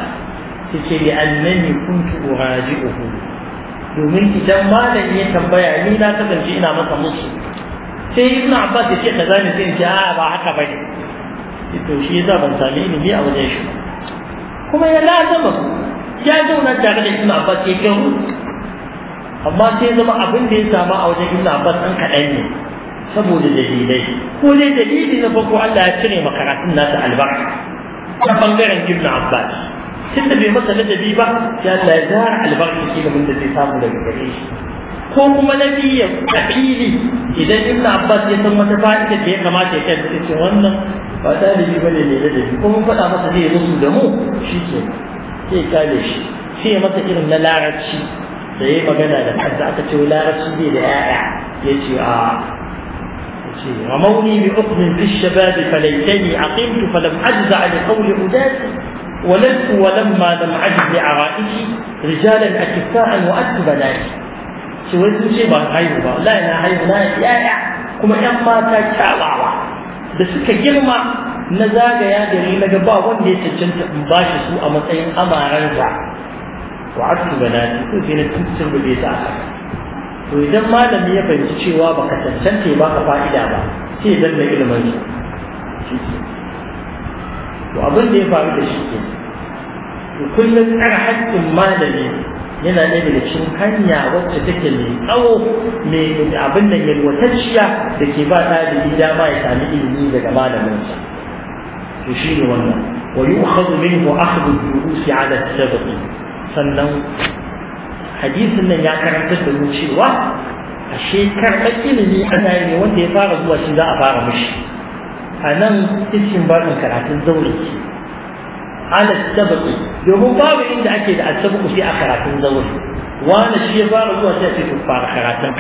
S1: su ce da annani kuntu uraji'uhu domin idan malami ya tambaya ni na kasance ina masa musu sai ibn abbas ya ce kaza ne sai ce a ba haka ba ne to shi yasa ban sami ilimi a wajen shi kuma ya lazama ya zauna tare da ibn abbas ya kyau? amma sai zama abin da ya samu a wajen ibn abbas ɗan kaɗan ne saboda dalilai ko dai dalili na farko Allah ya cire makaratun nasa albarka ta bangaren Ibn Abbas tunda bai masa ladabi ba ya Allah ya zara albarka shi da da zai samu daga gare shi ko kuma na biya fili idan Ibn Abbas ya san wata fa'ida da ya kamata ya kai da ce wannan ba dalibi ba ne ladabi ko mun faɗa masa zai musu da mu shi ke sai kale shi sai ya masa irin na larabci da ya magana da kansa aka ce larabci bai da 'ya'ya ya ce a رموني بحكم في الشباب فليتني عقمت فلم اجزع عن اداسي عداتي ولست ولما لم اجز عرائتي رجالا اكفاء واكتب لك شو وزن شيء ما هاي هو لا لا هاي هو لا يا يا كما كان ما تشاوى بس كجلما نزاق يا دري لقبا وندي يتجنت مباشر سوء مثلا اما رجع وعدت بناتي وفين تنسر بالبيت to idan malami ya fahimci cewa baka tantance ba ka fa'ida ba sai dan da ilimin shi to abin da ya faru da shi ke to kullum tsara haƙƙin malami yana ɗaya daga cikin hanya wacce take mai tsawo mai abin da yalwatacciya da ke ba ɗalibi dama ya sami ilimi daga malaminsa to shi ne wannan wa yu'khadhu minhu akhdhu ad-durus 'ala sannan hadisin nan ya karantar da mu cewa a shekar ilimi ana yi wanda ya fara zuwa shi za a fara mishi a nan iskin babin karatun zaure ce ala sabaqi domin babu inda ake da asabaqu sai a karatun zaure wani shi ya fara zuwa sai a ce fara karatun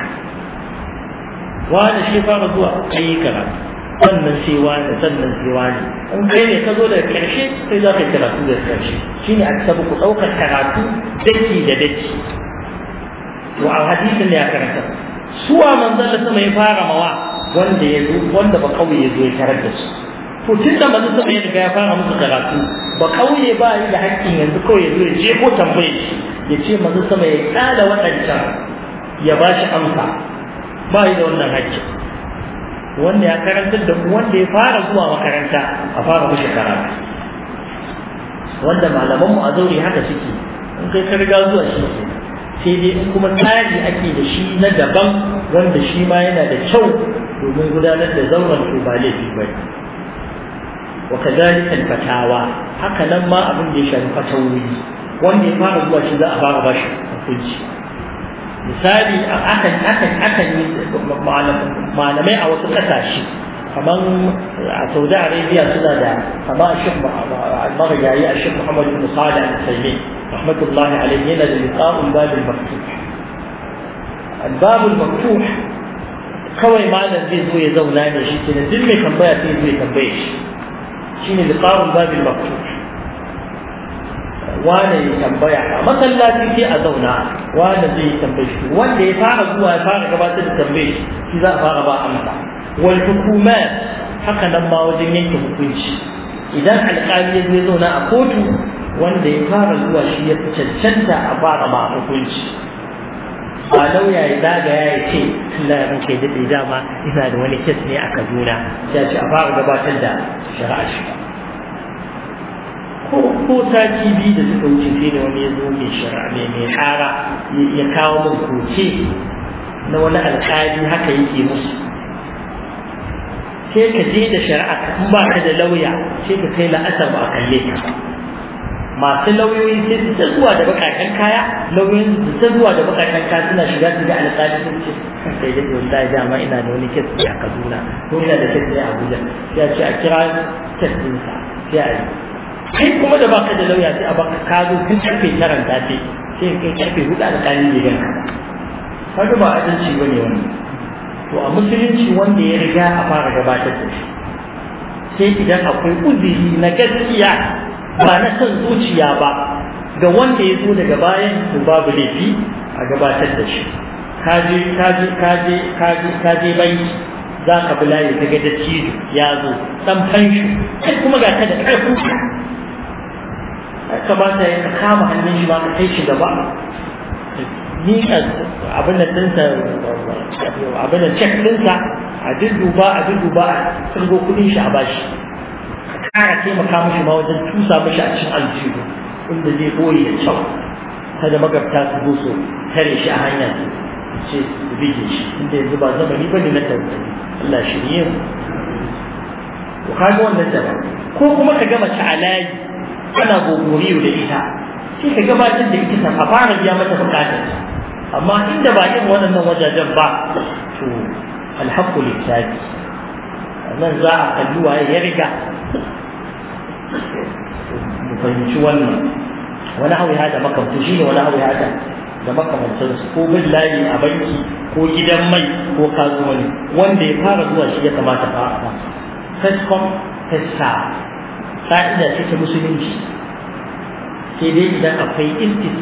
S1: wani shi fara zuwa kai karatu wannan sai wani sannan sai wani in kai ne ka zo daga karshe sai za ka karatu daga karshe shine al sabu ku ɗaukar karatu daki da daki to a hadisin ya karanta suwa manzon da sama ya fara mawa wanda ya wanda ba kauye ya zo ya tarar da su to tun da manzon sama ya riga ya fara musu karatu ba kauye ba yi da haƙƙin yanzu kawai ya zo ya je ko tambaye shi ya ce manzon sama ya tsada waɗancan ya ba shi amsa ba yi da wannan haƙƙin wanda ya karantar da wanda ya fara zuwa makaranta a fara musu karatu wanda malamanmu a zaure haka suke in kai ka riga zuwa shi ne. sai dai kuma tsari ake da shi na daban wanda shi ma yana da kyau domin gudanar da zauren su ba laifi ba wa kazalika alfatawa haka nan ma abin da ya shafi fatawoyi wanda ya fara zuwa shi za a fara ba shi hukunci misali akan akan akan yi malamai a wasu kasashe kamar a saudi arabia suna da kama shi marigayi a shi muhammadu musa da al رحمة الله علينا للقاء الباب المفتوح الباب
S2: المفتوح
S1: كوي معنى زي زوي زو نايم رشيد سنة دلمي تنبيه تي زوي تنبيش شيني لقاء الباب المفتوح وانا يتنبيع فمتى لا تيجي ازونا وانا زي تنبيش وانا يفعل هو يفعل كبات التنبيش كذا فاربا امتا والحكومات حقا لما وجنينك مكنش اذا الحقابية زوي زونا اقوتو wanda ya fara zuwa shi ya fi cancanta a fara ma hukunci ba lauya ya zaga ya ce Allah ya ranke daɗe dama ina da wani kes ne a Kaduna ya ce a fara gabatar da shari'a shi ko ko sati biyu da suka wuce sai da wani ya zo mai shari'a mai mai ƙara ya kawo min koke na wani alƙali haka yake musu sai ka je da shari'a in ba ka da lauya sai ka kai la'asar ba a kalle ka masu lauyoyi sai su zuwa da bakakan kaya lauyoyin su ta zuwa da bakakan kaya suna shiga su ga alƙali sun ce sai dai wallahi dama ina da wani kes a Kaduna ko ina da kes ne a Abuja sai a ce a kira kes sa sai a yi kai kuma da baka da lauya sai a baka zo tun karfe taran safe sai kai karfe hudu alƙalin ne ka. kaga ba a adalci bane wani to a musulunci wanda ya riga a fara gabatar da shi sai idan akwai uzuri na gaskiya ba na son zuciya ba ga wanda ya zo daga bayan to babu laifi a gabatar da shi kaje kaje kaje kaje kaje banki za ka bi layi ka ga dattijo ya zo dan fanshi kai kuma ga ta da karfin ka ba ta ka kama hannun shi ba ka kai shi gaba ni abin da tinsa abin da cek tinsa a duba a duba a tsirgo kudin shi a bashi ƙara taimaka mashi ma wajen tusa mashi a cikin aljihu inda zai ɓoye da kyau kada magabta su zo su tare shi a hanya su, ce su bige shi inda yanzu ba zamani ba ne na tarbiyya Allah shirye mu ku. kaga wannan da ko kuma ka gama ta alayi Kana gogori da ita sai ka gabatar da ita a fara biya mata bukatar amma inda ba irin waɗannan wajajen ba to alhaqqu lillahi nan za a kalli waye ya riga mu fahimci wannan wani ya da maka shi ne wani hau ya da makamantansu ko bin layi a banki ko gidan mai ko kasuwanci wanda ya fara zuwa shi ya kamata fa a fescom fesca fa'ida ce ta musulunci sai dai idan akwai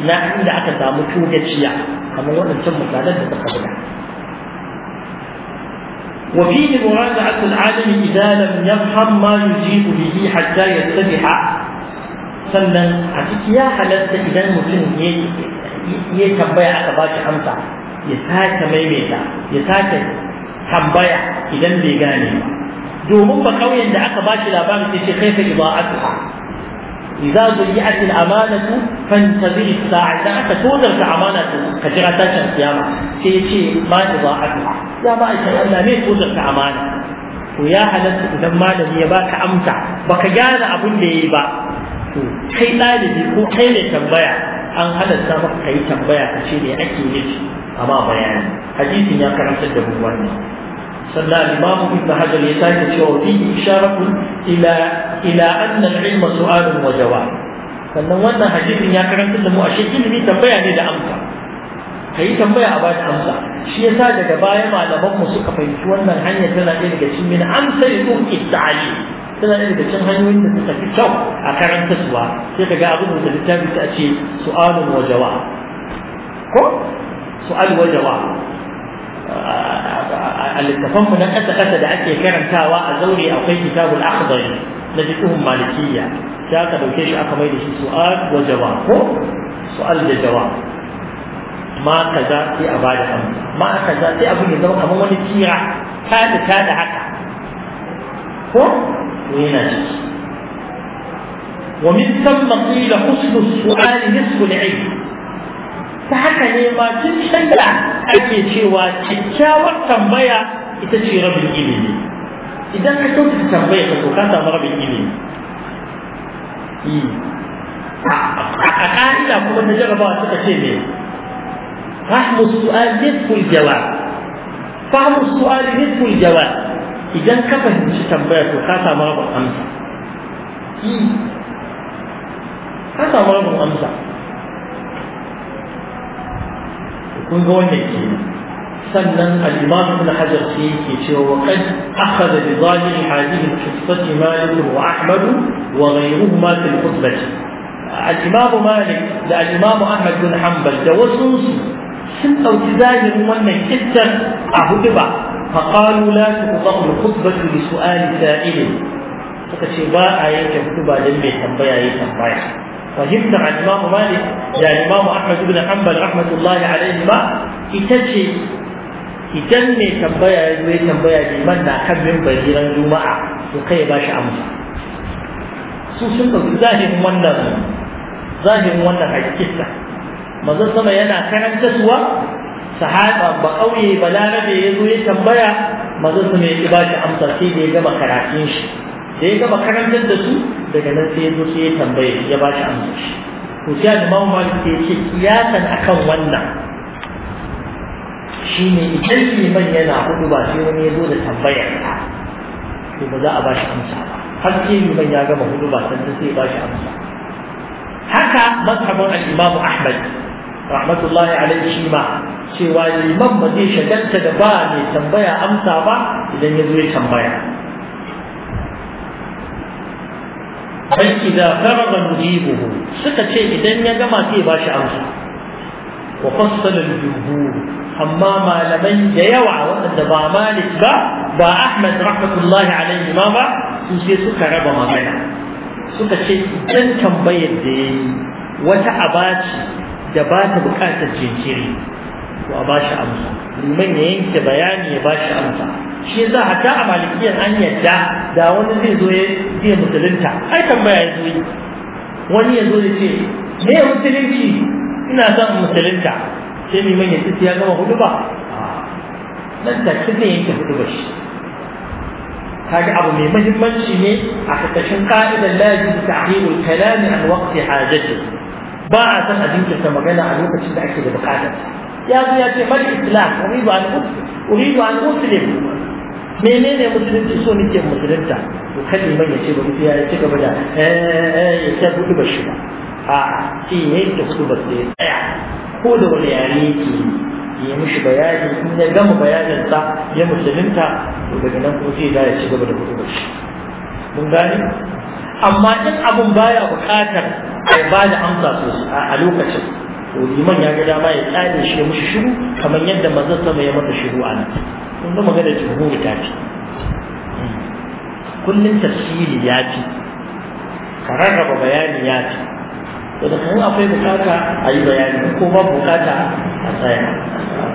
S1: na inda aka samu tugaciya kamar waɗancan mutanen da suka buga وفيه مراجعة العالم إذا لم يفهم ما يجيب به حتى يتبح سنة عزيز يا حلالة إذا المسلم يتنبيع أتباك أمسا يتاك ميميتا يتاك تنبيع إذا لقاني دوهم بقوي عند أتباك لا بارك إضاءتها إذا ضيعت الأمانة فانتظر الساعة إذا أنت تودر كأمانة كجرة تشن قيامة شيء شيء ما إضاعتها يا ما إشهد أن مين تودر كأمانة ويا حدث إذا ما لم يباك أمتع بك جانا أبو اللي يبا kai ɗalibi ko kai ne tambaya an halatta maka kai tambaya ka ce ne ake nufi amma bayani hadisin ya karantar da mu wannan sannan imamu ibn hajar ya sake cewa fi isharatu ila ila anna al-ilma su'alun wa jawab sannan wannan hadisin ya karanta da mu a shekin ne tambaya ne da amsa kai tambaya a bada amsa shi yasa daga baya malaman mu suka fahimci wannan hanyar tana ɗaya daga cikin min amsa ya tuki ta'ali tana ɗaya daga cikin hanyoyin da suka fi kyau a karanta suwa sai kaga abin da littafi ta ce su'alun wa ko su'al wa jawab a littafanmu na ƙasa-ƙasa da ake karantawa a zaure akwai kitabul akhdari na fiqhun malikiyya sai aka dauke shi aka mai da shi su'al wa jawab ko su'al da jawa? ma kaza sai a bada amsa ma kaza sai abin ya zama kamar wani kira. ta da ta da haka ko to yana ciki ومن ثم قيل حسن السؤال نصف العلم ta haka ne ma tun canza ake cewa kyakkyawar tambaya ita ce rabin ilimi idan ka kyautata tambaya ka to ka samu rabin ilimi hmm. a ƙa'ida kuma na jarabawa suka ce ne fahmu su'al nisful jawab fahmu su'al nisful jawab idan ka fahimci tambaya to ka samu rabin amsa hmm. ka samu rabin amsa kun ga wannan kenan سنا الإمام ابن حجر في كتابه وقد أخذ بظاهر هذه القصه مالك وأحمد وغيرهما في الخطبة الإمام مالك لا الإمام أحمد بن حنبل توسوس سن أو تزاي من أبو فقالوا لا تقطع الخطبة لسؤال سائل فكشي باء عينك كتبة لم يتنبيا يتنبيا فهمت عن الإمام مالك يا الإمام أحمد بن حنبل رحمة الله عليهما itace idan mai tambaya ya zo ya tambaya liman na kan mimbari gidan juma'a to kai ba shi amsa su sun ɗauki zahirin wannan zahirin wannan hakika manzon sama yana karantarwa sahaba ba ƙauye ba larabe ya zo ya tambaya manzon sama ya ci ba shi amsa sai da ya gama karatun shi da ya gama karantar da su daga nan sai ya zo sai ya tambaya ya ba shi amsa shi to sai da mamu ya ce kiyasan akan wannan shi ne idan liman yana hudu ba sai wani ya zo da tambayar ka to ba za a ba shi amsa ba har sai liman ya gama hudu ba sannan sai ba shi amsa haka mazhabin al-imam ahmad rahmatullahi alaihi shi ma cewa liman ba zai shagalta da ba mai tambaya amsa ba idan ya zo ya tambaya bal idza faraga mujibuhu suka ce idan ya gama sai ba shi amsa wa fassala al-jumhur amma malamai da yawa waɗanda ba malik ba ba ahmad rahmatullahi alaihi ma ba su sai suka raba magana suka ce idan tambayar da ya yi wata abaci da ba ta buƙatar jinkiri to a bashi amsa liman ya yanke bayani ya bashi amsa shi za a hatta a malikiyar an yadda da wani zai zo ya zai musulunta ai tambaya ya zo yi wani ya zo ya ce me musulunci ina son musulunta sai mai ya tsitsi ya gama hudu ba nan take zai yake hudu ba shi kaga abu mai muhimmanci ne a kakashin ka'idar lazi da ta'himul kalami an waqti hajati ba a san a jinkirta magana a lokacin da ake da bukatar ya zo ya ce mal islam uridu an uridu an muslim menene musulunci so nake musulunta to kan liman ya ce ba ya ci gaba da eh eh ya ta hudu ba shi ba a shi ne ta hudu ba sai ko da wani yare yake yi mishi bayani in ya gama bayanin sa ya musulunta to daga nan kuma zai ya ci gaba da kuma shi mun gani. amma in abin baya bukatar ai ba da amsa sosai a lokacin to liman ya ga dama ya tsare shi ya mishi shiru kamar yadda mazan sama ya masa shiru a nan kun ga magana jumhuri ta ce hmm. kullum tafsiri ya fi ka rarraba bayani ya fi to da akwai bukata a yi bayani ko ba bukata a tsaya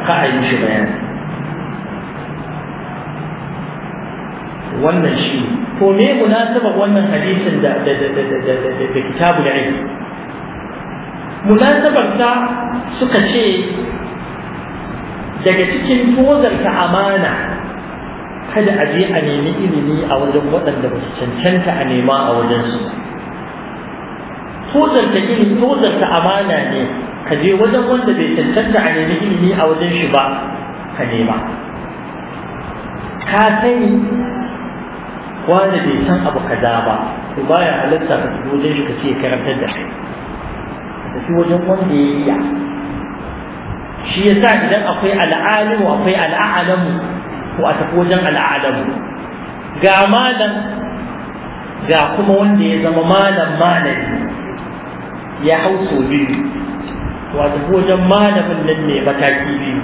S1: ka a yi shi bayani wannan shi to me munasabar wannan hadisin da da da da da da da kitabul ilm munasabar ta suka ce daga cikin tozarta amana kada a je a nemi ilimi a wajen waɗanda ba su cancanta a nema a wajensu. su tozarta ilimi tozarta amana ne ka je wajen wanda bai cancanta a nemi ilimi a wajen shi ba ka nema ka sani wanda bai san abu kaza ba to baya halatta ka tafi wajen shi ka ce karantar da kai ka tafi wajen wanda ya iya shi yasa idan akwai al'alimu akwai al'alamu ko a tafi wajen al'alamu ga malam ga kuma wanda ya zama malam malami ya hau sau biyu wato wajen malamin nan ne mataki biyu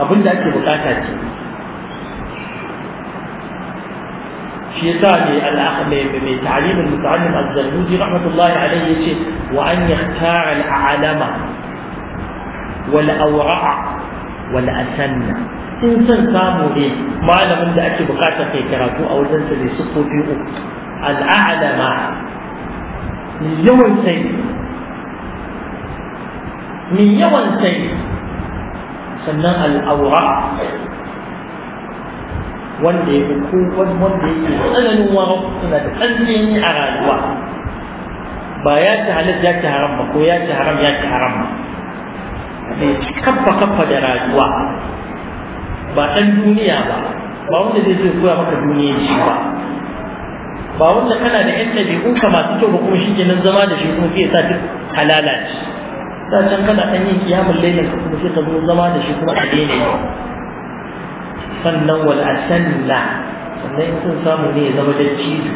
S1: abin da ake bukata ce shi yasa ne al'akamai mai tarihin muta'allim az-zarnuji rahmatullahi alayhi yace wa an yakhtara al-a'lama wani awra'a wani asanna in san samu ne malamin da ake bukata kai karatu a wajen sa ne sufofi uku al-a'lama mai yawan sai mai yawan sai sannan al'aura wanda ya ko wanda yake tsananin waro suna da tsananin a rayuwa ba ya ci halatta ya ci haram ba ko ya ci haram ya ci haram ba mai kaffa kaffa da rayuwa ba ɗan duniya ba ba wanda zai zai koya maka duniya shi ba ba wanda kana da yan ɗabi'u ka masu kyau ba kuma shi ke nan zama da shi kuma sai sa duk halala ce ta can kana ɗan yin kiyamun lailan ka kuma sai ka zo zama da shi kuma a daina yi sannan wal asalla sannan in sun samu ne ya zama dattijo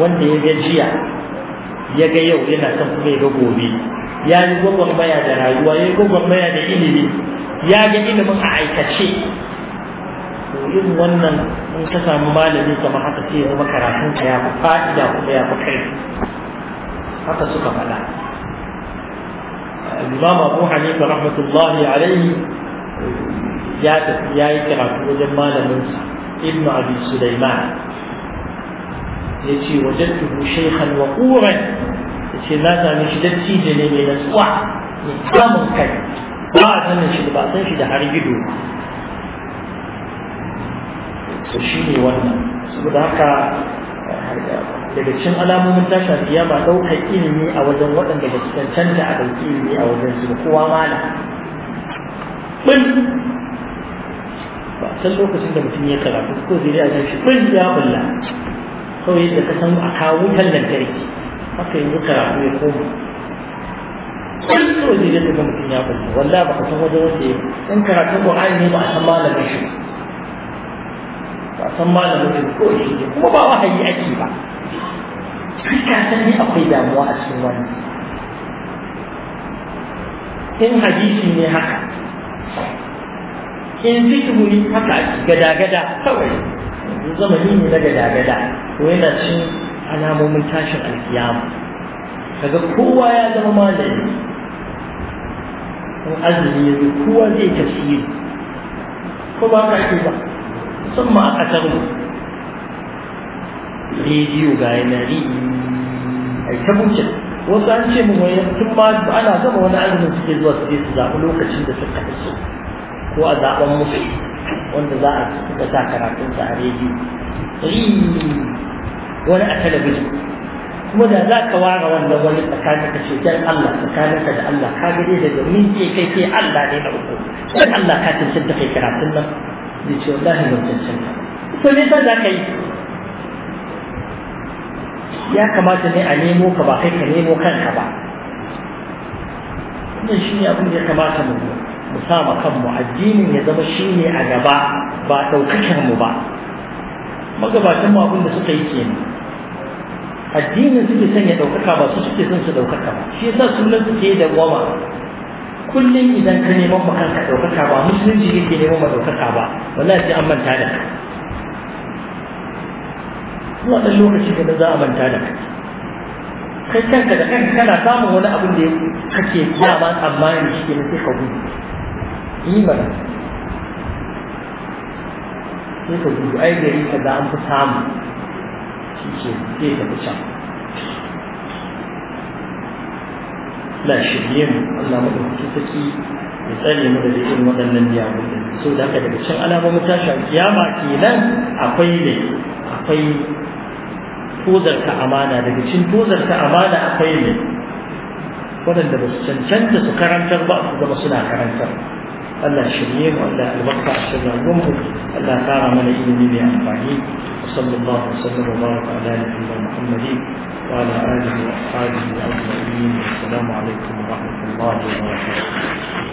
S1: wanda ya gajiya ya ga yau yana son kuma ya ga gobe ya yi baya da rayuwa ya yi baya da ilimi ya ga ilimin a aikace to wannan in ka samu malami kamar haka sai ya zama karatun ka ya fi fa'ida kuma ya fi kai haka suka faɗa الإمام أبو حنيفة رحمة الله عليه ya tafi ya yi karatu wajen malaminsa ibnu abi sulaiman ya ce wajen tuhu shaikhan wa ƙuran ya ce na sami shi dattijo ne mai natsuwa mai kamun kai ba a sanin shi ba san shi da har gido su shi ne wannan saboda haka daga cikin alamomin tashin kiyama ɗaukar ilimi a wajen waɗanda ba su cancanta a ɗauki ilimi a wajen su kowa mana ɓin ba san lokacin da mutum ya karatu ko zai a shi ɓin ya bulla kawai yadda ka san a kawo wutan lantarki haka yanzu karatu ya koma kun so ne da mutum ya bulla wallah ba ka san wajen wanda ya in karatun Qur'ani ne ba a san malamin shi ba san malamin da ko shi ne kuma ba wahayi ake ba ka san ni akwai damuwa a cikin wani. in hadisi ne haka in fikihu ne haka gada-gada kawai zamani ne na gada-gada to yana cin alamomin tashin alkiyama kaga kowa ya zama malami in azumi ya kowa zai tafsiri ko ba ka ce ba musamman a ƙasar mu rediyo ga yanari ai ta buce wasu an ce mun wani tun ma ana gama wani azumin suke zuwa su je su zaɓi lokacin da suka fi ko a zaɓen musu wanda za a suka sa karatunsa a rediyo wani a talabijin kuma da za ka ware wannan wani tsakanin ka cutar Allah tsakanin ka da Allah ka gare daga minti kai sai Allah ne na uku dan Allah ka tantar da kai karatun nan zai ce wallahi ban cancanta to me yi ya kamata ne a nemo ka ba kai ka nemo kanka ba wannan shi ne abin da ya kamata mu mu sa ma kanmu addinin ya zama shi ne a gaba ba ɗaukakar mu ba magabatan mu abin da suka yi kenan addinin suke son ya ɗaukaka ba su suke son su ɗaukaka ba shi yasa sunan suke da goma kullum idan ka neman ma kanka ɗaukaka ba musulunci ke neman ma ɗaukaka ba wallahi sai an manta da ka zuwa ɗan lokaci da za a manta da ka kai kanka da kanka kana samun wani abin da kake dama tsammani shi ne sai ka gudu imar sai ka gudu ai gari ka za an fi samu shi ke sai ka fi can لا شيء الله مدوكي سكي misali mu da irin waɗannan miyagun da so da haka daga cin alamomin tashin kiyama kenan akwai ne akwai tozarta amana daga cin tozarta amana akwai ne waɗanda ba su cancanta su karantar ba su zama suna karantar الله شريم والله المقطع الشريم المنفق الله فار ملايين من أربعين وصلى الله وسلم وبارك على نبينا
S2: محمد وعلى آله وأصحابه وأجمعين والسلام عليكم ورحمة الله وبركاته